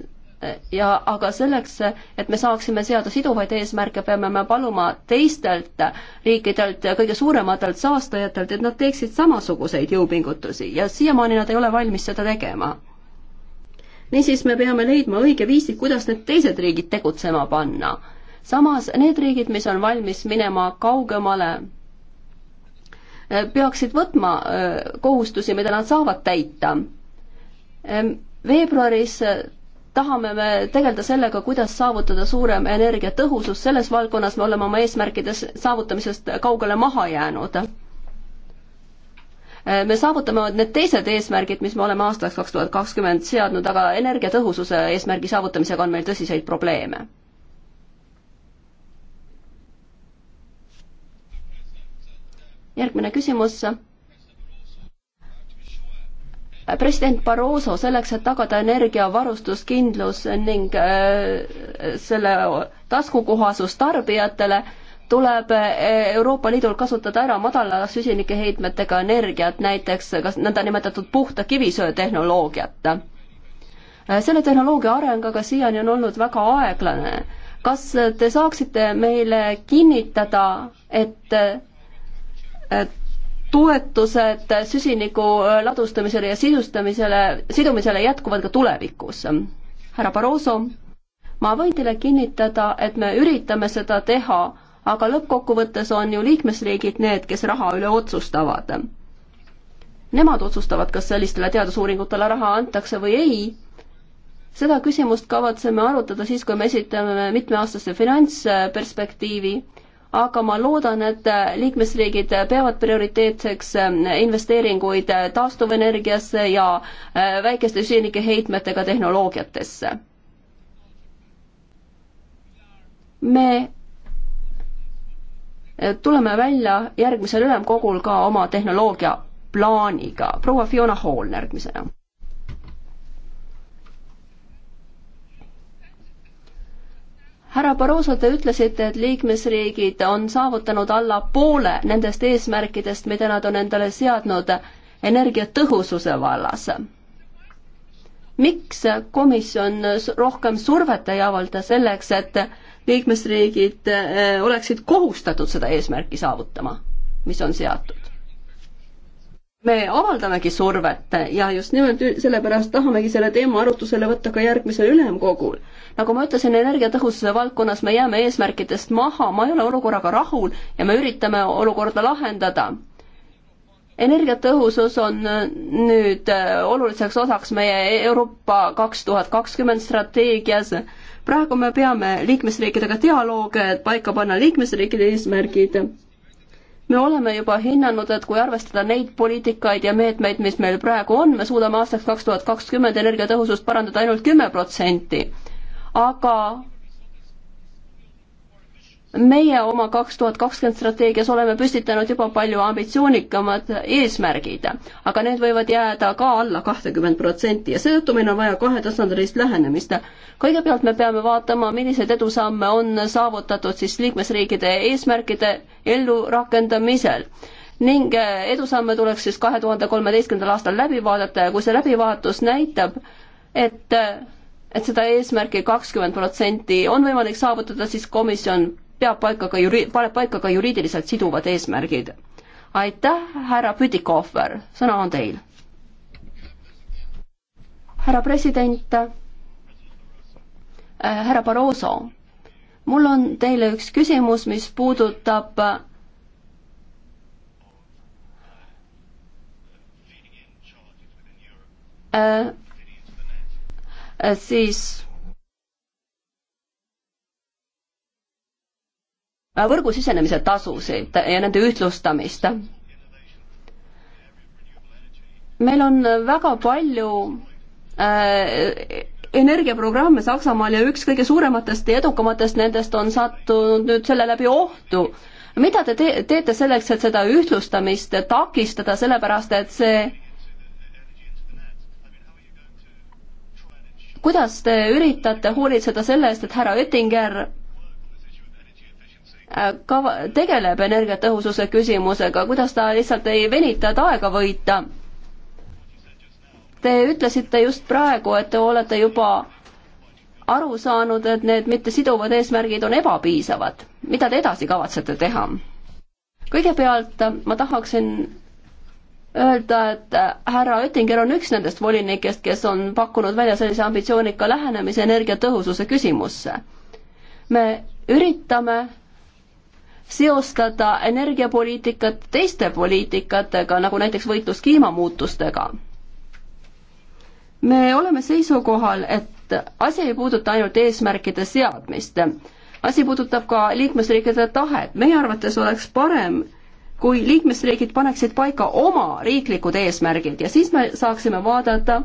ja aga selleks, et me saaksime seada siduvaid eesmärke, peame me paluma teistelt riikidelt, kõige suurematelt saastajatelt, et nad teeksid samasuguseid jõupingutusi ja siiamaani nad ei ole valmis seda tegema. niisiis, me peame leidma õige viisi, kuidas need teised riigid tegutsema panna. samas need riigid, mis on valmis minema kaugemale, peaksid võtma äh, kohustusi, mida nad saavad täita. veebruaris tahame me tegeleda sellega, kuidas saavutada suurem energiatõhusus, selles valdkonnas me oleme oma eesmärkide saavutamisest kaugele maha jäänud. me saavutame need teised eesmärgid, mis me oleme aastaks kaks tuhat kakskümmend seadnud, aga energiatõhususe eesmärgi saavutamisega on meil tõsiseid probleeme. järgmine küsimus president Barroso selleks, et tagada energiavarustuskindlus ning äh, selle taskukohasus tarbijatele, tuleb äh, Euroopa Liidul kasutada ära madala süsinikeheitmetega energiat, näiteks kas nõndanimetatud puhta kivisöetehnoloogiat. Äh, selle tehnoloogia areng aga siiani on olnud väga aeglane. kas te saaksite meile kinnitada, et, et toetused süsiniku äh, ladustamisele ja sisustamisele, sidumisele jätkuvad ka tulevikus. härra Barroso, ma võin teile kinnitada, et me üritame seda teha, aga lõppkokkuvõttes on ju liikmesriigid need, kes raha üle otsustavad. Nemad otsustavad, kas sellistele teadusuuringutele raha antakse või ei. seda küsimust kavatseme arutada siis, kui me esitame mitmeaastase finantsperspektiivi aga ma loodan, et liikmesriigid peavad prioriteetseks äh, investeeringuid äh, taastuvenergiasse ja äh, väikeste süsinikeheitmetega tehnoloogiatesse. me tuleme välja järgmisel ülemkogul ka oma tehnoloogiaplaaniga. proua Fiona Hall järgmisena härra Barroso, te ütlesite, et liikmesriigid on saavutanud alla poole nendest eesmärkidest, mida nad on endale seadnud energiatõhususe vallas. miks komisjon rohkem survet ei avalda selleks, et liikmesriigid eh, oleksid kohustatud seda eesmärki saavutama, mis on seatud? me avaldamegi survet ja just nimelt sellepärast tahamegi selle teema arutusele võtta ka järgmisel ülemkogul. nagu ma ütlesin, energiatõhususe valdkonnas me jääme eesmärkidest maha, ma ei ole olukorraga rahul ja me üritame olukorda lahendada. energiatõhusus on äh, nüüd äh, oluliseks osaks meie e-, Euroopa kaks tuhat kakskümmend strateegias. praegu me peame liikmesriikidega dialoog, et paika panna liikmesriikide eesmärgid me oleme juba hinnanud, et kui arvestada neid poliitikaid ja meetmeid, mis meil praegu on, me suudame aastaks kaks tuhat kakskümmend energiatõhusust parandada ainult kümme protsenti. aga meie oma kaks tuhat kakskümmend strateegias oleme püstitanud juba palju ambitsioonikamad eesmärgid, aga need võivad jääda ka alla kahtekümmend protsenti ja seetõttu meil on vaja kahetasandilist lähenemist. kõigepealt me peame vaatama, milliseid edusamme on saavutatud siis liikmesriikide eesmärkide ellurakendamisel ning edusamme tuleks siis kahe tuhande kolmeteistkümnendal aastal läbi vaadata ja kui see läbivaatus näitab, et et seda eesmärki kakskümmend protsenti on võimalik saavutada, siis komisjon peab paika ka juri-, paneb paika ka juriidiliselt siduvad eesmärgid. aitäh, härra Pütikohver, sõna on teil. härra president äh,, härra Barroso, mul on teile üks küsimus, mis puudutab äh, äh siis Äh, võrgu sisenemise tasusid ja nende ühtlustamist. meil on väga palju äh, energiaprogramme Saksamaal ja üks kõige suurematest ja edukamatest nendest on sattunud nüüd selle läbi ohtu. mida te, te teete selleks, et seda ühtlustamist takistada, sellepärast et see kuidas te üritate hoolitseda selle eest, et härra Oettinger Äh, kava, tegeleb energiatõhususe küsimusega, kuidas ta lihtsalt ei venita, et aega võita. Te ütlesite just praegu, et te olete juba aru saanud, et need mittesiduvad eesmärgid on ebapiisavad. mida te edasi kavatsete teha? kõigepealt ma tahaksin öelda, et härra Oettinger on üks nendest volinikest, kes on pakkunud välja sellise ambitsioonika lähenemise energiatõhususe küsimusse. me üritame seostada energiapoliitikat teiste poliitikatega, nagu näiteks võitlus kliimamuutustega. me oleme seisukohal, et asi ei puuduta ainult eesmärkide seadmist, asi puudutab ka liikmesriikide tahet, meie arvates oleks parem, kui liikmesriigid paneksid paika oma riiklikud eesmärgid ja siis me saaksime vaadata,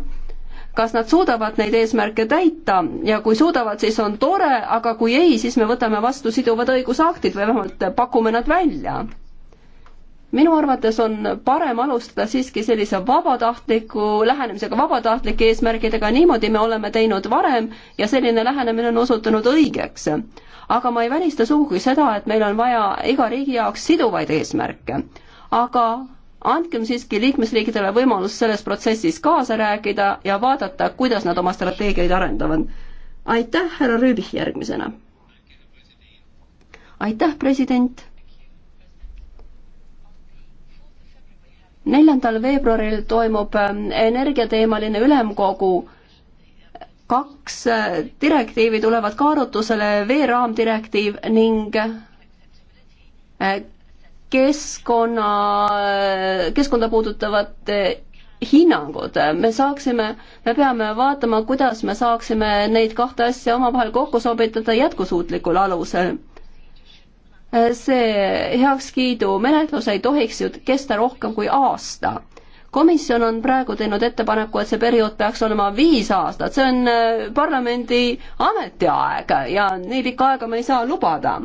kas nad suudavad neid eesmärke täita ja kui suudavad, siis on tore, aga kui ei, siis me võtame vastu siduvad õigusaktid või vähemalt pakume nad välja. minu arvates on parem alustada siiski sellise vabatahtliku lähenemisega, vabatahtlike eesmärgidega, niimoodi me oleme teinud varem ja selline lähenemine on osutunud õigeks. aga ma ei välista sugugi seda, et meil on vaja iga riigi jaoks siduvaid eesmärke. aga andkem siiski liikmesriikidele võimalus selles protsessis kaasa rääkida ja vaadata, kuidas nad oma strateegiaid arendavad. aitäh, härra Rüübich järgmisena. aitäh, president. neljandal veebruaril toimub ähm, energiateemaline ülemkogu kaks äh, direktiivi tulevad ka arutusele, veeraamdirektiiv ning äh, keskkonna, keskkonda puudutavat hinnangud, me saaksime, me peame vaatama, kuidas me saaksime neid kahte asja omavahel kokku sobitada jätkusuutlikul alusel. see heakskiidu menetlus ei tohiks ju kesta rohkem kui aasta. komisjon on praegu teinud ettepaneku, et see periood peaks olema viis aastat, see on äh, parlamendi ametiaeg ja nii pikka aega me ei saa lubada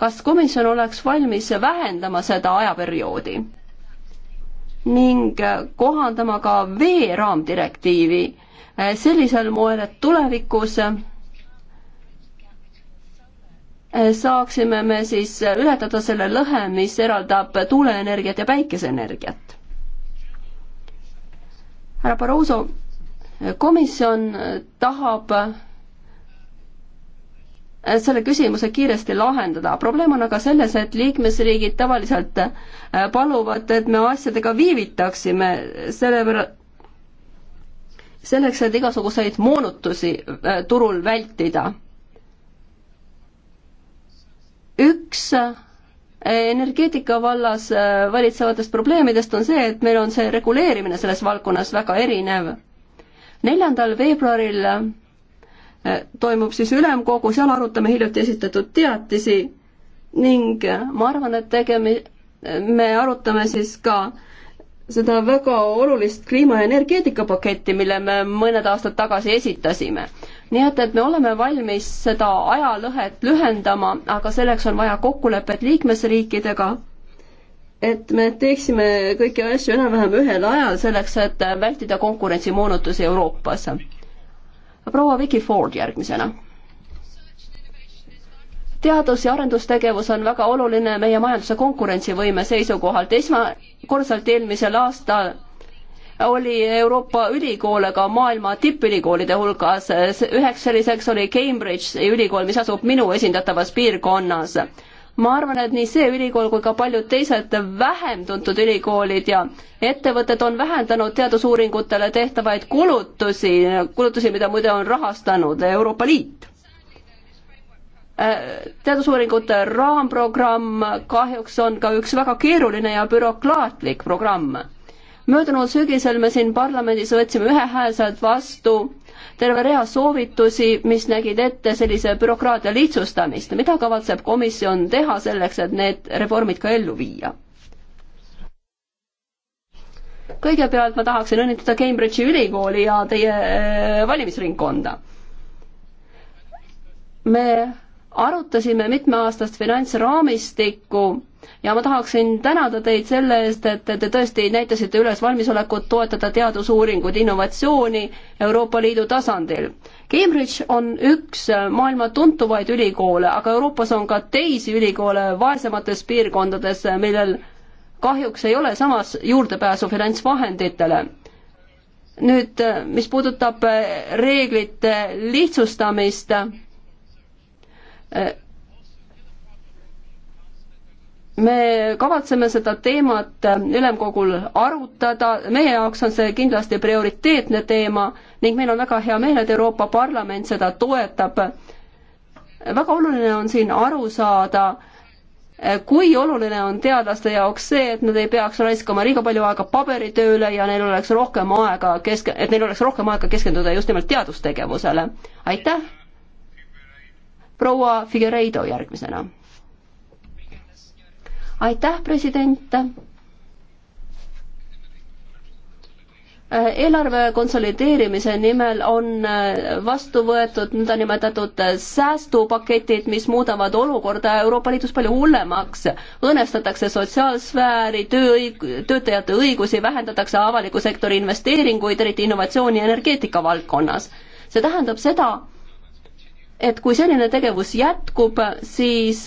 kas komisjon oleks valmis vähendama seda ajaperioodi ning kohandama ka veeraamdirektiivi eh, sellisel moel, et tulevikus eh, saaksime me siis ületada selle lõhe, mis eraldab tuuleenergiat ja päikeseenergiat. härra Barroso, komisjon tahab Äh, selle küsimuse kiiresti lahendada. probleem on aga selles, et liikmesriigid tavaliselt äh, paluvad, et me asjadega viivitaksime, selle võrra, selleks, et igasuguseid moonutusi äh, turul vältida. üks energeetika vallas valitsevatest probleemidest on see, et meil on see reguleerimine selles valdkonnas väga erinev. neljandal veebruaril toimub siis ülemkogu, seal arutame hiljuti esitatud teatisi ning ma arvan, et tegemi-, me arutame siis ka seda väga olulist kliima- ja energeetikapaketti, mille me mõned aastad tagasi esitasime. nii et, et me oleme valmis seda ajalõhet lühendama, aga selleks on vaja kokkulepet liikmesriikidega, et me teeksime kõiki asju enam-vähem ühel ajal, selleks et vältida konkurentsimoonutusi Euroopas proua Vicky Ford järgmisena. teadus- ja arendustegevus on väga oluline meie majanduse konkurentsivõime seisukohalt, esmakordselt eelmisel aastal oli Euroopa ülikoole ka maailma tippülikoolide hulgas, üheks selliseks oli Cambridge'i ülikool, mis asub minu esindatavas piirkonnas ma arvan, et nii see ülikool kui ka paljud teised vähem tuntud ülikoolid ja ettevõtted on vähendanud teadusuuringutele tehtavaid kulutusi, kulutusi, mida muide on rahastanud Euroopa Liit. Äh, teadusuuringute raamprogramm kahjuks on ka üks väga keeruline ja bürokraatlik programm. möödunud sügisel me siin parlamendis võtsime ühehäälselt vastu terve rea soovitusi, mis nägid ette sellise bürokraatia lihtsustamist. mida kavatseb komisjon teha selleks, et need reformid ka ellu viia? kõigepealt ma tahaksin õnnitleda Cambridge'i ülikooli ja teie äh, valimisringkonda. me arutasime mitmeaastast finantsraamistikku ja ma tahaksin tänada teid selle eest, et te tõesti näitasite üles valmisolekut toetada teadusuuringuid, innovatsiooni Euroopa Liidu tasandil. Cambridge on üks maailma tuntuvaid ülikoole, aga Euroopas on ka teisi ülikoole vaesemates piirkondades, millel kahjuks ei ole samas juurdepääsu finantsvahenditele. nüüd, mis puudutab reeglite lihtsustamist, me kavatseme seda teemat ülemkogul arutada, meie jaoks on see kindlasti prioriteetne teema ning meil on väga hea meel, et Euroopa Parlament seda toetab. väga oluline on siin aru saada, kui oluline on teadlaste jaoks see, et nad ei peaks raiskama liiga palju aega paberitööle ja neil oleks rohkem aega kesk-, et neil oleks rohkem aega keskenduda just nimelt teadustegevusele. aitäh! proua Figueiredo järgmisena aitäh, president. Äh, eelarve konsolideerimise nimel on äh, vastu võetud nõndanimetatud äh, säästupaketid, mis muudavad olukorda Euroopa Liidus palju hullemaks. õõnestatakse sotsiaalsfääri, tööõig-, töötajate õigusi, vähendatakse avaliku sektori investeeringuid, eriti innovatsiooni ja energeetika valdkonnas. see tähendab seda, et kui selline tegevus jätkub, siis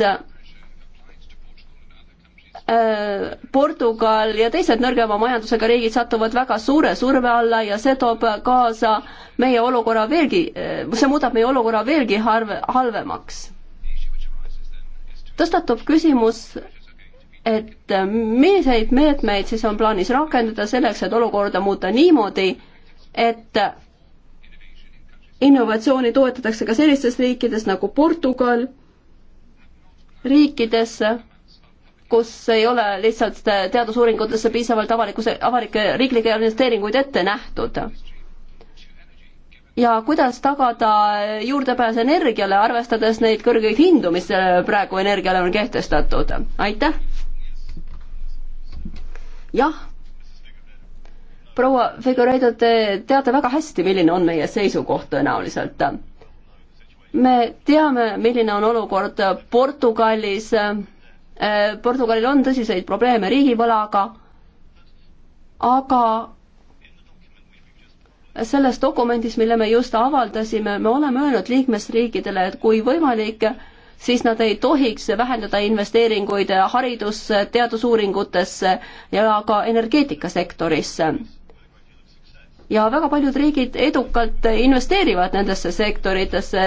Äh, Portugal ja teised nõrgema majandusega riigid satuvad väga suure surve alla ja see toob kaasa meie olukorra veelgi, äh, see muudab meie olukorra veelgi harve, halvemaks. tõstatub küsimus, et äh, milliseid meetmeid siis on plaanis rakendada selleks, et olukorda muuta niimoodi, et innovatsiooni toetatakse ka sellistes riikides nagu Portugal, riikidesse kus ei ole lihtsalt teadusuuringutesse piisavalt avalikkuse, avalikke riiklikke investeeringuid ette nähtud. ja kuidas tagada juurdepääs energiale, arvestades neid kõrgeid hindu, mis äh, praegu energiale on kehtestatud? aitäh! jah, proua Figureido, te teate väga hästi, milline on meie seisukoht tõenäoliselt. me teame, milline on olukord Portugalis Äh, Portugalil on tõsiseid probleeme riigivõlaga, aga selles dokumendis, mille me just avaldasime, me oleme öelnud liikmesriikidele, et kui võimalik, siis nad ei tohiks vähendada investeeringuid haridusse, teadusuuringutesse ja ka energeetikasektorisse ja väga paljud riigid edukalt investeerivad nendesse sektoritesse,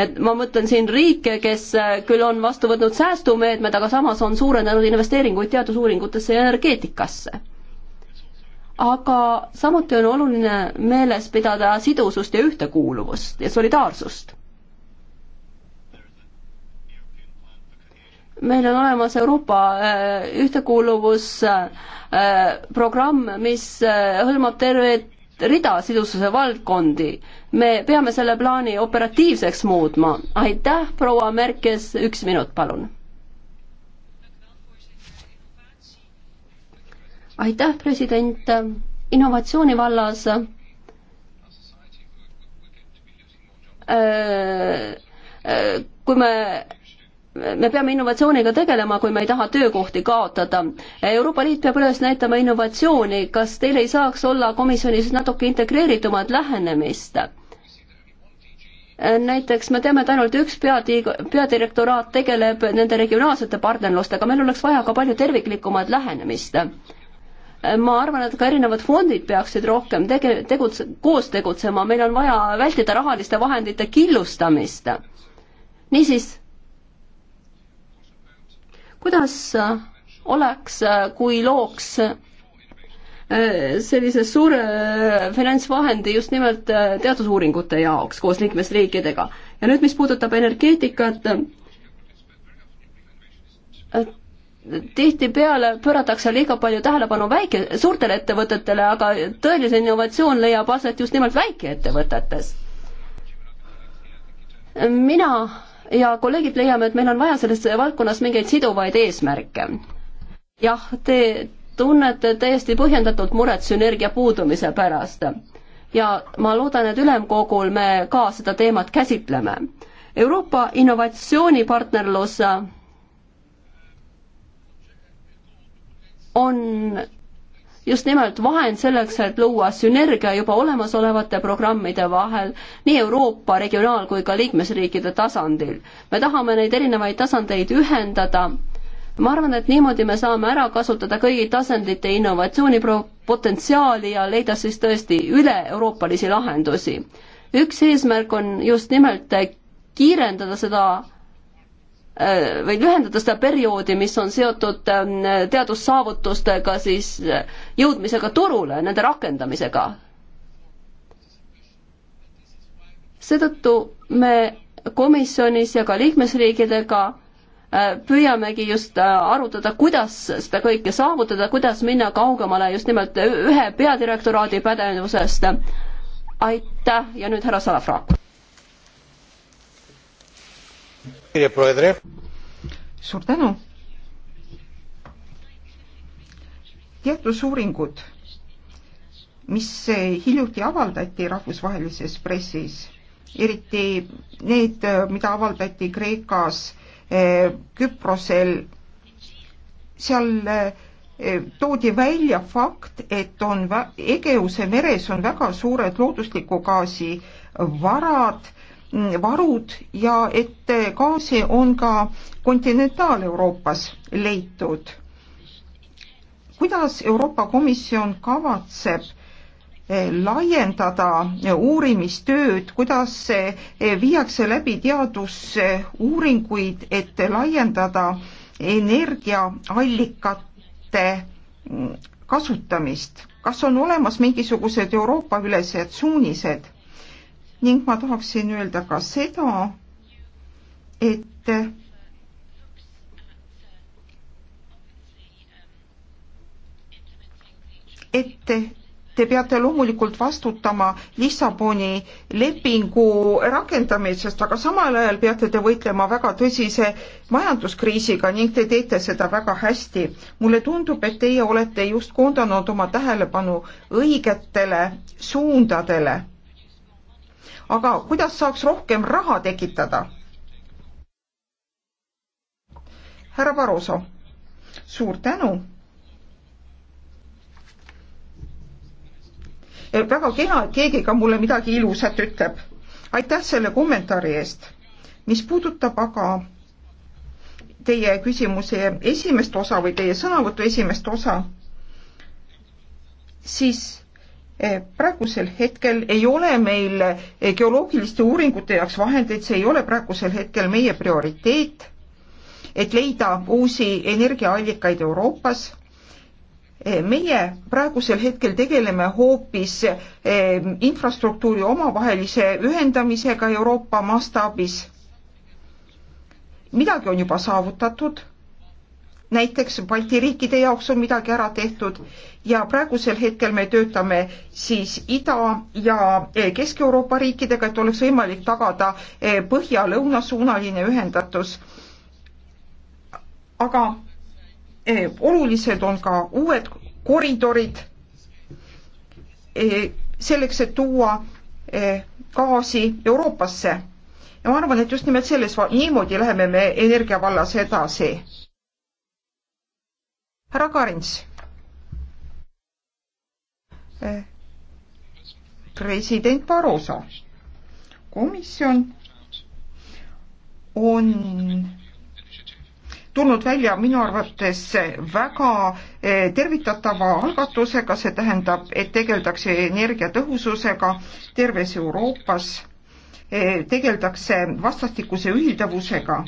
et ma mõtlen siin riike, kes küll on vastu võtnud säästumeetmed, aga samas on suurendanud investeeringuid teadusuuringutesse ja energeetikasse aga samuti on oluline meeles pidada sidusust ja ühtekuuluvust ja solidaarsust meil on olemas Euroopa äh, ühtekuuluvusprogramm, äh, mis äh, hõlmab tervet rida sidususe valdkondi. me peame selle plaani operatiivseks muutma. aitäh, proua Merkes, üks minut, palun. aitäh, president. innovatsiooni vallas äh, äh, kui me me peame innovatsiooniga tegelema, kui me ei taha töökohti kaotada. Euroopa Liit peab üles näitama innovatsiooni, kas teil ei saaks olla komisjonis natuke integreeritumat lähenemist? näiteks me teame, et ainult üks peati-, peadirektoraat tegeleb nende regionaalsete partnerlustega, meil oleks vaja ka palju terviklikumat lähenemist ma arvan, et ka erinevad fondid peaksid rohkem tege-, tegutse-, koos tegutsema, meil on vaja vältida rahaliste vahendite killustamist. niisiis, kuidas oleks, kui looks äh, sellise suure äh, finantsvahendi just nimelt äh, teadusuuringute jaoks koos liikmesriikidega. ja nüüd, mis puudutab energeetikat, tihtipeale pööratakse liiga palju tähelepanu väike, suurtele ettevõtetele, aga tõelise innovatsioon leiab aset just nimelt väikeettevõtetes. mina ja kolleegid leiame, et meil on vaja selles valdkonnas mingeid siduvaid eesmärke. jah, te tunnete täiesti põhjendatult muret sünergia puudumise pärast ja ma loodan, et ülemkogul me ka seda teemat käsitleme. Euroopa innovatsioonipartnerlus on just nimelt vahend selleks, et luua sünergia juba olemasolevate programmide vahel nii Euroopa regionaal- kui ka liikmesriikide tasandil. me tahame neid erinevaid tasandeid ühendada. ma arvan, et niimoodi me saame ära kasutada kõigi tasandite innovatsioonipotentsiaali ja leida siis tõesti üle-euroopalisi lahendusi. üks eesmärk on just nimelt kiirendada seda Äh, või lühendada seda perioodi, mis on seotud ähm, teadussaavutustega, siis äh, jõudmisega turule, nende rakendamisega. seetõttu me komisjonis ja ka liikmesriikidega äh, püüamegi just arutada, kuidas seda kõike saavutada, kuidas minna kaugemale just nimelt ühe peadirektoraadi pädevusest. aitäh ja nüüd härra Salafranco. suur tänu. teadusuuringud, mis hiljuti avaldati rahvusvahelises pressis, eriti need, mida avaldati Kreekas, eh, Küprosel, seal eh, toodi välja fakt, et on Egeuse meres on väga suured loodusliku gaasi varad Mm, varud ja et eh, gaasi on ka kontinentaal-Euroopas leitud. kuidas Euroopa Komisjon kavatseb eh, laiendada eh, uurimistööd, kuidas viiakse läbi teadusuuringuid, et laiendada energiaallikate mm, kasutamist, kas on olemas mingisugused Euroopa-ülesed suunised? ning ma tahaksin öelda ka seda, et et te peate loomulikult vastutama Lissaboni lepingu rakendamisest, aga samal ajal peate te võitlema väga tõsise majanduskriisiga ning te teete seda väga hästi. mulle tundub, et teie olete just koondanud oma tähelepanu õigetele suundadele aga kuidas saaks rohkem raha tekitada? härra Barroso, suur tänu. Eh, väga kena, et keegi ka mulle midagi ilusat ütleb. aitäh selle kommentaari eest. mis puudutab aga teie küsimuse esimest osa või teie sõnavõtu esimest osa, siis Eh, praegusel hetkel ei ole meil eh, geoloogiliste uuringute jaoks vahendeid, see ei ole praegusel hetkel meie prioriteet, et leida uusi energiaallikaid Euroopas. Eh, meie praegusel hetkel tegeleme hoopis infrastruktuuri omavahelise ühendamisega Euroopa mastaabis. midagi on juba saavutatud näiteks Balti riikide jaoks on midagi ära tehtud ja praegusel hetkel me töötame siis Ida- ja eh, Kesk-Euroopa riikidega, et oleks võimalik tagada eh, põhja-lõunasuunaline ühendatus. aga eh, olulised on ka uued koridorid selleks, et tuua gaasi Euroopasse. ja ma arvan, et just nimelt selles, niimoodi läheme me energia vallas edasi härra Karins. president Barroso, komisjon on tulnud välja minu arvates väga eh, tervitatava algatusega, see tähendab, et tegeldakse energiatõhususega terves Euroopas, eh, tegeldakse vastastikuse ühildavusega,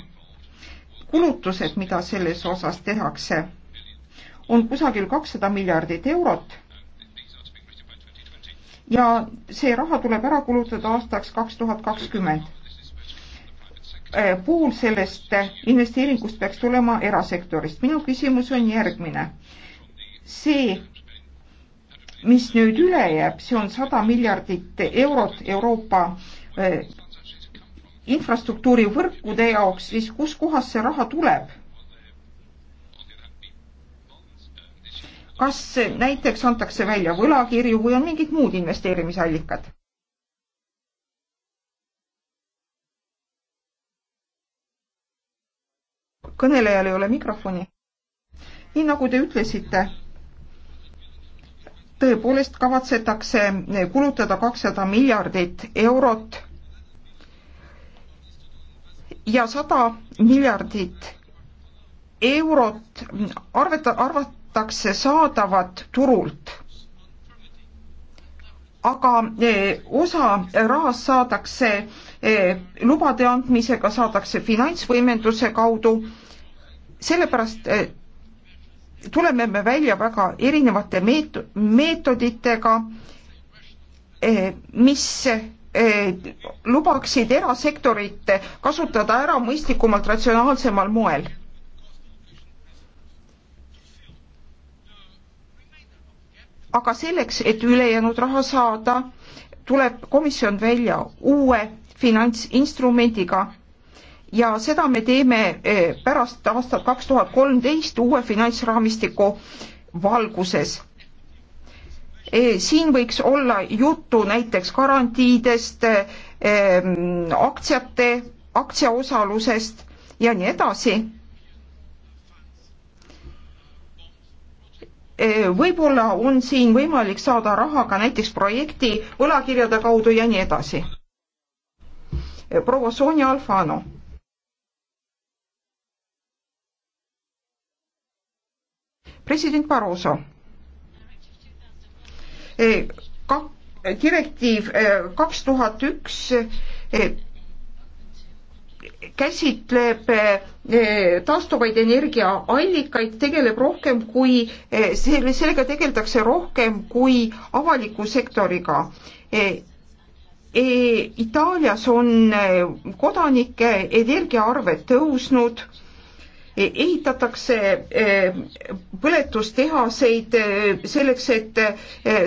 kulutused, mida selles osas tehakse on kusagil kakssada miljardit eurot ja see raha tuleb ära kulutada aastaks kaks tuhat kakskümmend. Äh, pool sellest investeeringust peaks tulema erasektorist. minu küsimus on järgmine. see, mis nüüd üle jääb, see on sada miljardit eurot Euroopa äh, infrastruktuurivõrkude jaoks, siis kuskohast see raha tuleb? kas näiteks antakse välja võlakirju või on mingid muud investeerimisallikad? kõnelejal ei ole mikrofoni. nii nagu te ütlesite, tõepoolest kavatsetakse kulutada kakssada miljardit eurot ja sada miljardit eurot arvata, arvata pakutakse saadavat turult. aga e, osa rahast saadakse e, lubade andmisega, saadakse finantsvõimenduse kaudu. sellepärast e, tuleme me välja väga erinevate meet-, meetoditega, mis lubaksid erasektorit kasutada ära mõistlikumal, ratsionaalsemal moel aga selleks, et ülejäänud raha saada, tuleb komisjon välja uue finantsinstrumendiga ja seda me teeme eh, pärast aastat kaks tuhat kolmteist uue finantsraamistiku valguses. Eh, siin võiks olla juttu näiteks garantiidest, eh, mm, aktsiate, aktsiaosalusest ja nii edasi Äh, võib-olla on siin võimalik saada raha ka näiteks projekti võlakirjade kaudu ja nii edasi. Äh, proua Sonja Alfano. president Barroso. Äh, direktiiv kaks tuhat üks käsitleb eh, taastuvaid energiaallikaid, tegeleb rohkem kui, eh, sellega tegeldakse rohkem kui avaliku sektoriga. Eh, Itaalias on kodanike energiaarved tõusnud, ehitatakse põletustehaseid selleks, et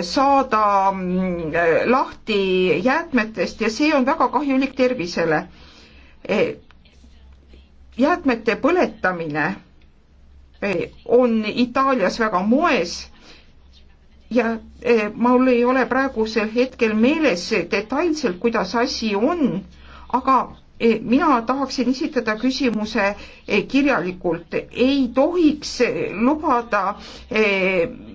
saada mm, lahti jäätmetest ja see on väga kahjulik tervisele jäätmete põletamine eh, on Itaalias väga moes ja eh, mul ei ole praegusel hetkel meeles detailselt, kuidas asi on, aga eh, mina tahaksin esitada küsimuse kirjalikult. ei tohiks lubada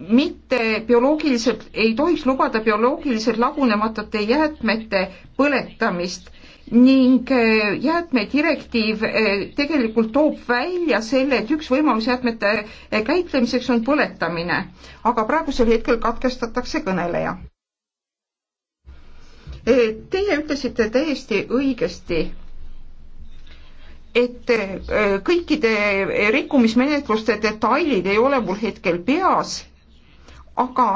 mitte bioloogiliselt, ei tohiks lubada bioloogiliselt lagunematute jäätmete põletamist ning äh, jäätmedirektiiv äh, tegelikult toob välja selle, et üks võimalus jäätmete äh, käitlemiseks on põletamine, aga praegusel hetkel katkestatakse kõneleja. Teie ütlesite täiesti õigesti, et kõikide rikkumismenetluste detailid ei ole mul hetkel peas, aga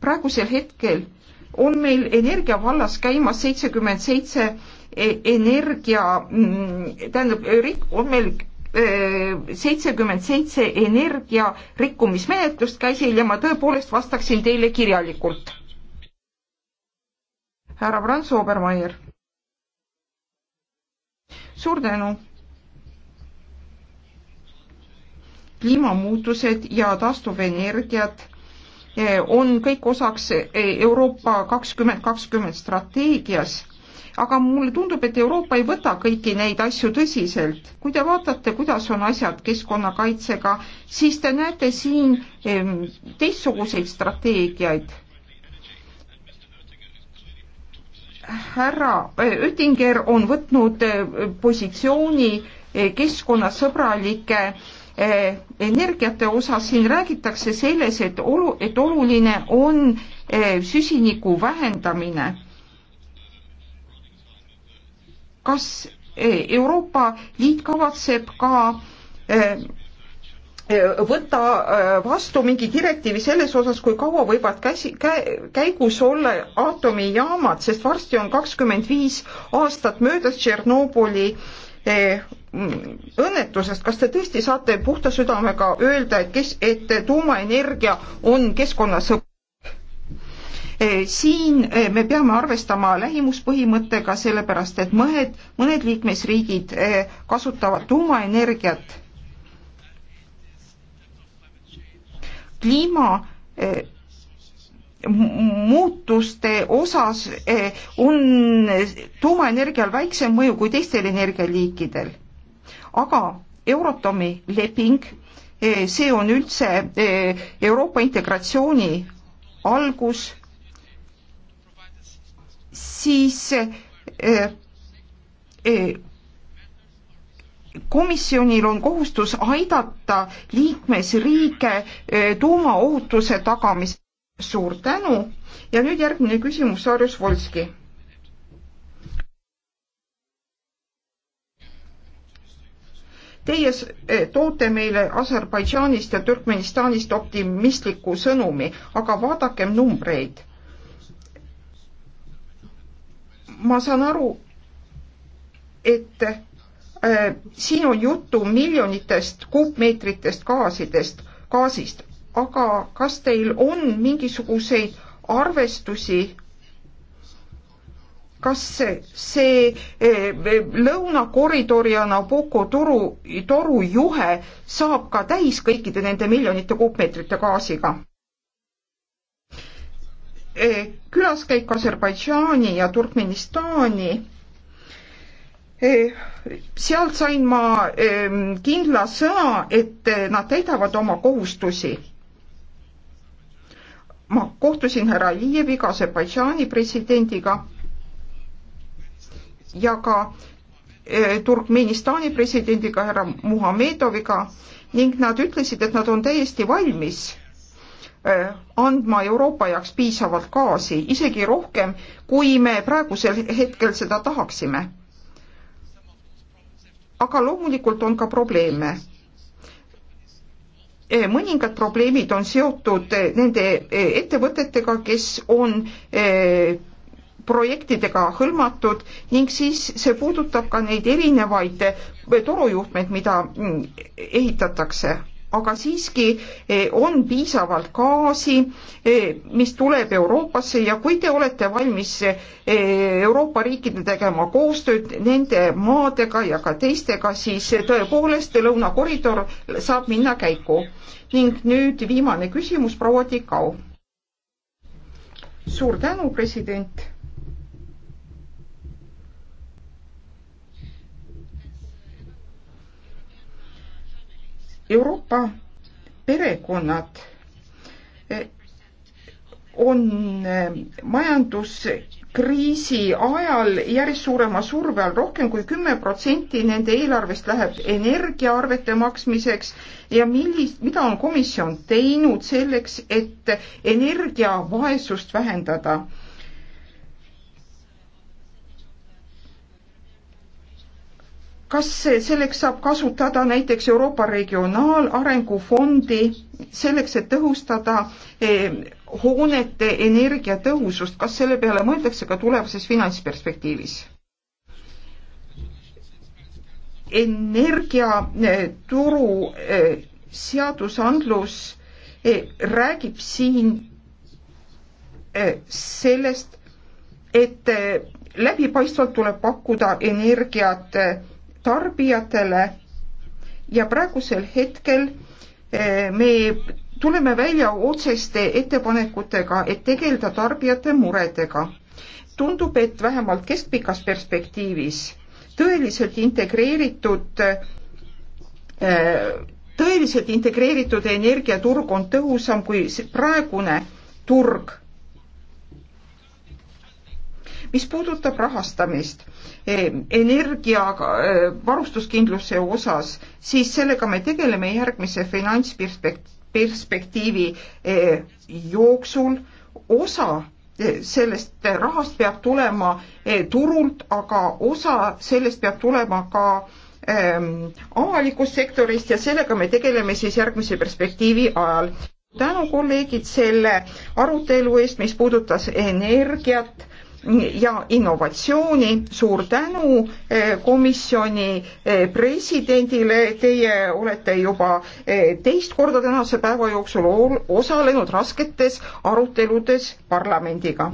praegusel hetkel on meil energia vallas käimas seitsekümmend seitse e, energia, mm, tähendab, on meil e, seitsekümmend seitse energia rikkumismenetlust käsil ja ma tõepoolest vastaksin teile kirjalikult. härra Franz Obermeier. suur tänu. kliimamuutused ja taastuvenergiad Eh, on kõik osaks eh, Euroopa kakskümmend kakskümmend strateegias, aga mulle tundub, et Euroopa ei võta kõiki neid asju tõsiselt. kui te vaatate, kuidas on asjad keskkonnakaitsega, siis te näete siin teistsuguseid strateegiaid härra eh, Oettinger on võtnud positsiooni keskkonnasõbralike Eh, energiate osas siin räägitakse selles, et olu, et oluline on eh, süsiniku vähendamine. kas eh, Euroopa Liit kavatseb ka võtta vastu mingi direktiivi selles osas, kui kaua võivad käsi kä,, käigus olla aatomijaamad, sest varsti on kakskümmend viis aastat möödas Tšernobõli äh, Mm, õnnetusest, kas te tõesti saate puhta südamega öelda, et kes, et tuumaenergia on keskkonnasõber? Eh, siin eh, me peame arvestama lähimuspõhimõttega, sellepärast et mõned, mõned liikmesriigid eh, kasutavad tuumaenergiat kliima muutuste osas eh, on tuumaenergial väiksem mõju kui teistel energialiikidel. aga Euratomi leping, eh, see on üldse eh, Euroopa integratsiooni algus, siis komisjonil on kohustus aidata liikmesriike tuumaohutuse tagamisel suur tänu ja nüüd järgmine küsimus, Sarjus Volski. Teie eh, toote meile Aserbaidžaanist ja Türkmenistanist optimistliku sõnumi, aga vaadakem numbreid. ma saan aru, et äh, siin on juttu miljonitest kuupmeetritest gaasidest, gaasist, aga kas teil on mingisuguseid arvestusi, kas see eh, lõunakoridori ja Nabucco toru, toru juhe saab ka täis kõikide nende miljonite kuupmeetrite gaasiga? Eh, külaskäik Aserbaidžaani ja Turkmenistani eh, sealt sain ma kindla sõna, et nad täidavad oma kohustusi ma kohtusin härra Liieviga, Aserbaidžaani presidendiga ja ka e, Turkmenistani presidendiga härra Muhamedoviga ning nad ütlesid, et nad on täiesti valmis e, andma Euroopa jaoks piisavalt gaasi, isegi rohkem, kui me praegusel hetkel seda tahaksime. aga loomulikult on ka probleeme Eh, mõningad probleemid on seotud eh, nende eh, ettevõtetega, kes on projektidega hõlmatud ning siis see puudutab ka neid erinevaid torujuhtmeid, mida mm, ehitatakse aga siiski eh, on piisavalt gaasi, eh, mis tuleb Euroopasse ja kui te olete valmis eh, Euroopa riikidel tegema koostööd nende maadega ja ka teistega, siis tõepoolest lõunakoridor saab minna käiku. ning nüüd viimane küsimus, proua Tikau. suur tänu, president Euroopa perekonnad eh, on eh, majanduskriisi ajal järjest suurema surve all, rohkem kui kümme protsenti nende eelarvest läheb energiaarvete maksmiseks ja millist, mida on komisjon teinud selleks, et energiavaesust vähendada kas selleks saab kasutada näiteks Euroopa Regionaalarengu Fondi selleks, et tõhustada eh, hoonete energiatõhusust, kas selle peale mõeldakse ka tulevases finantsperspektiivis? energiaturu eh, eh, seadusandlus räägib siin sellest, et läbipaistvalt tuleb pakkuda energiat tarbijatele ja praegusel hetkel eh, me tuleme välja otseste ettepanekutega, et tegeleda tarbijate muredega. tundub, et vähemalt keskpikas perspektiivis tõeliselt integreeritud eh, tõeliselt integreeritud energiaturg on tõhusam kui praegune turg mis puudutab rahastamist eh, energiavarustuskindluse eh, osas, siis sellega me tegeleme järgmise finantsperspektiivi eh, jooksul. osa sellest rahast peab tulema turult, aga osa sellest peab tulema ka ehm, avalikust sektorist ja sellega me tegeleme siis järgmise perspektiivi ajal. tänu kolleegid selle arutelu eest, mis puudutas energiat ja innovatsiooni. suur tänu eh, komisjoni eh, presidendile, teie olete juba eh, teist korda tänase päeva jooksul osalenud rasketes aruteludes parlamendiga.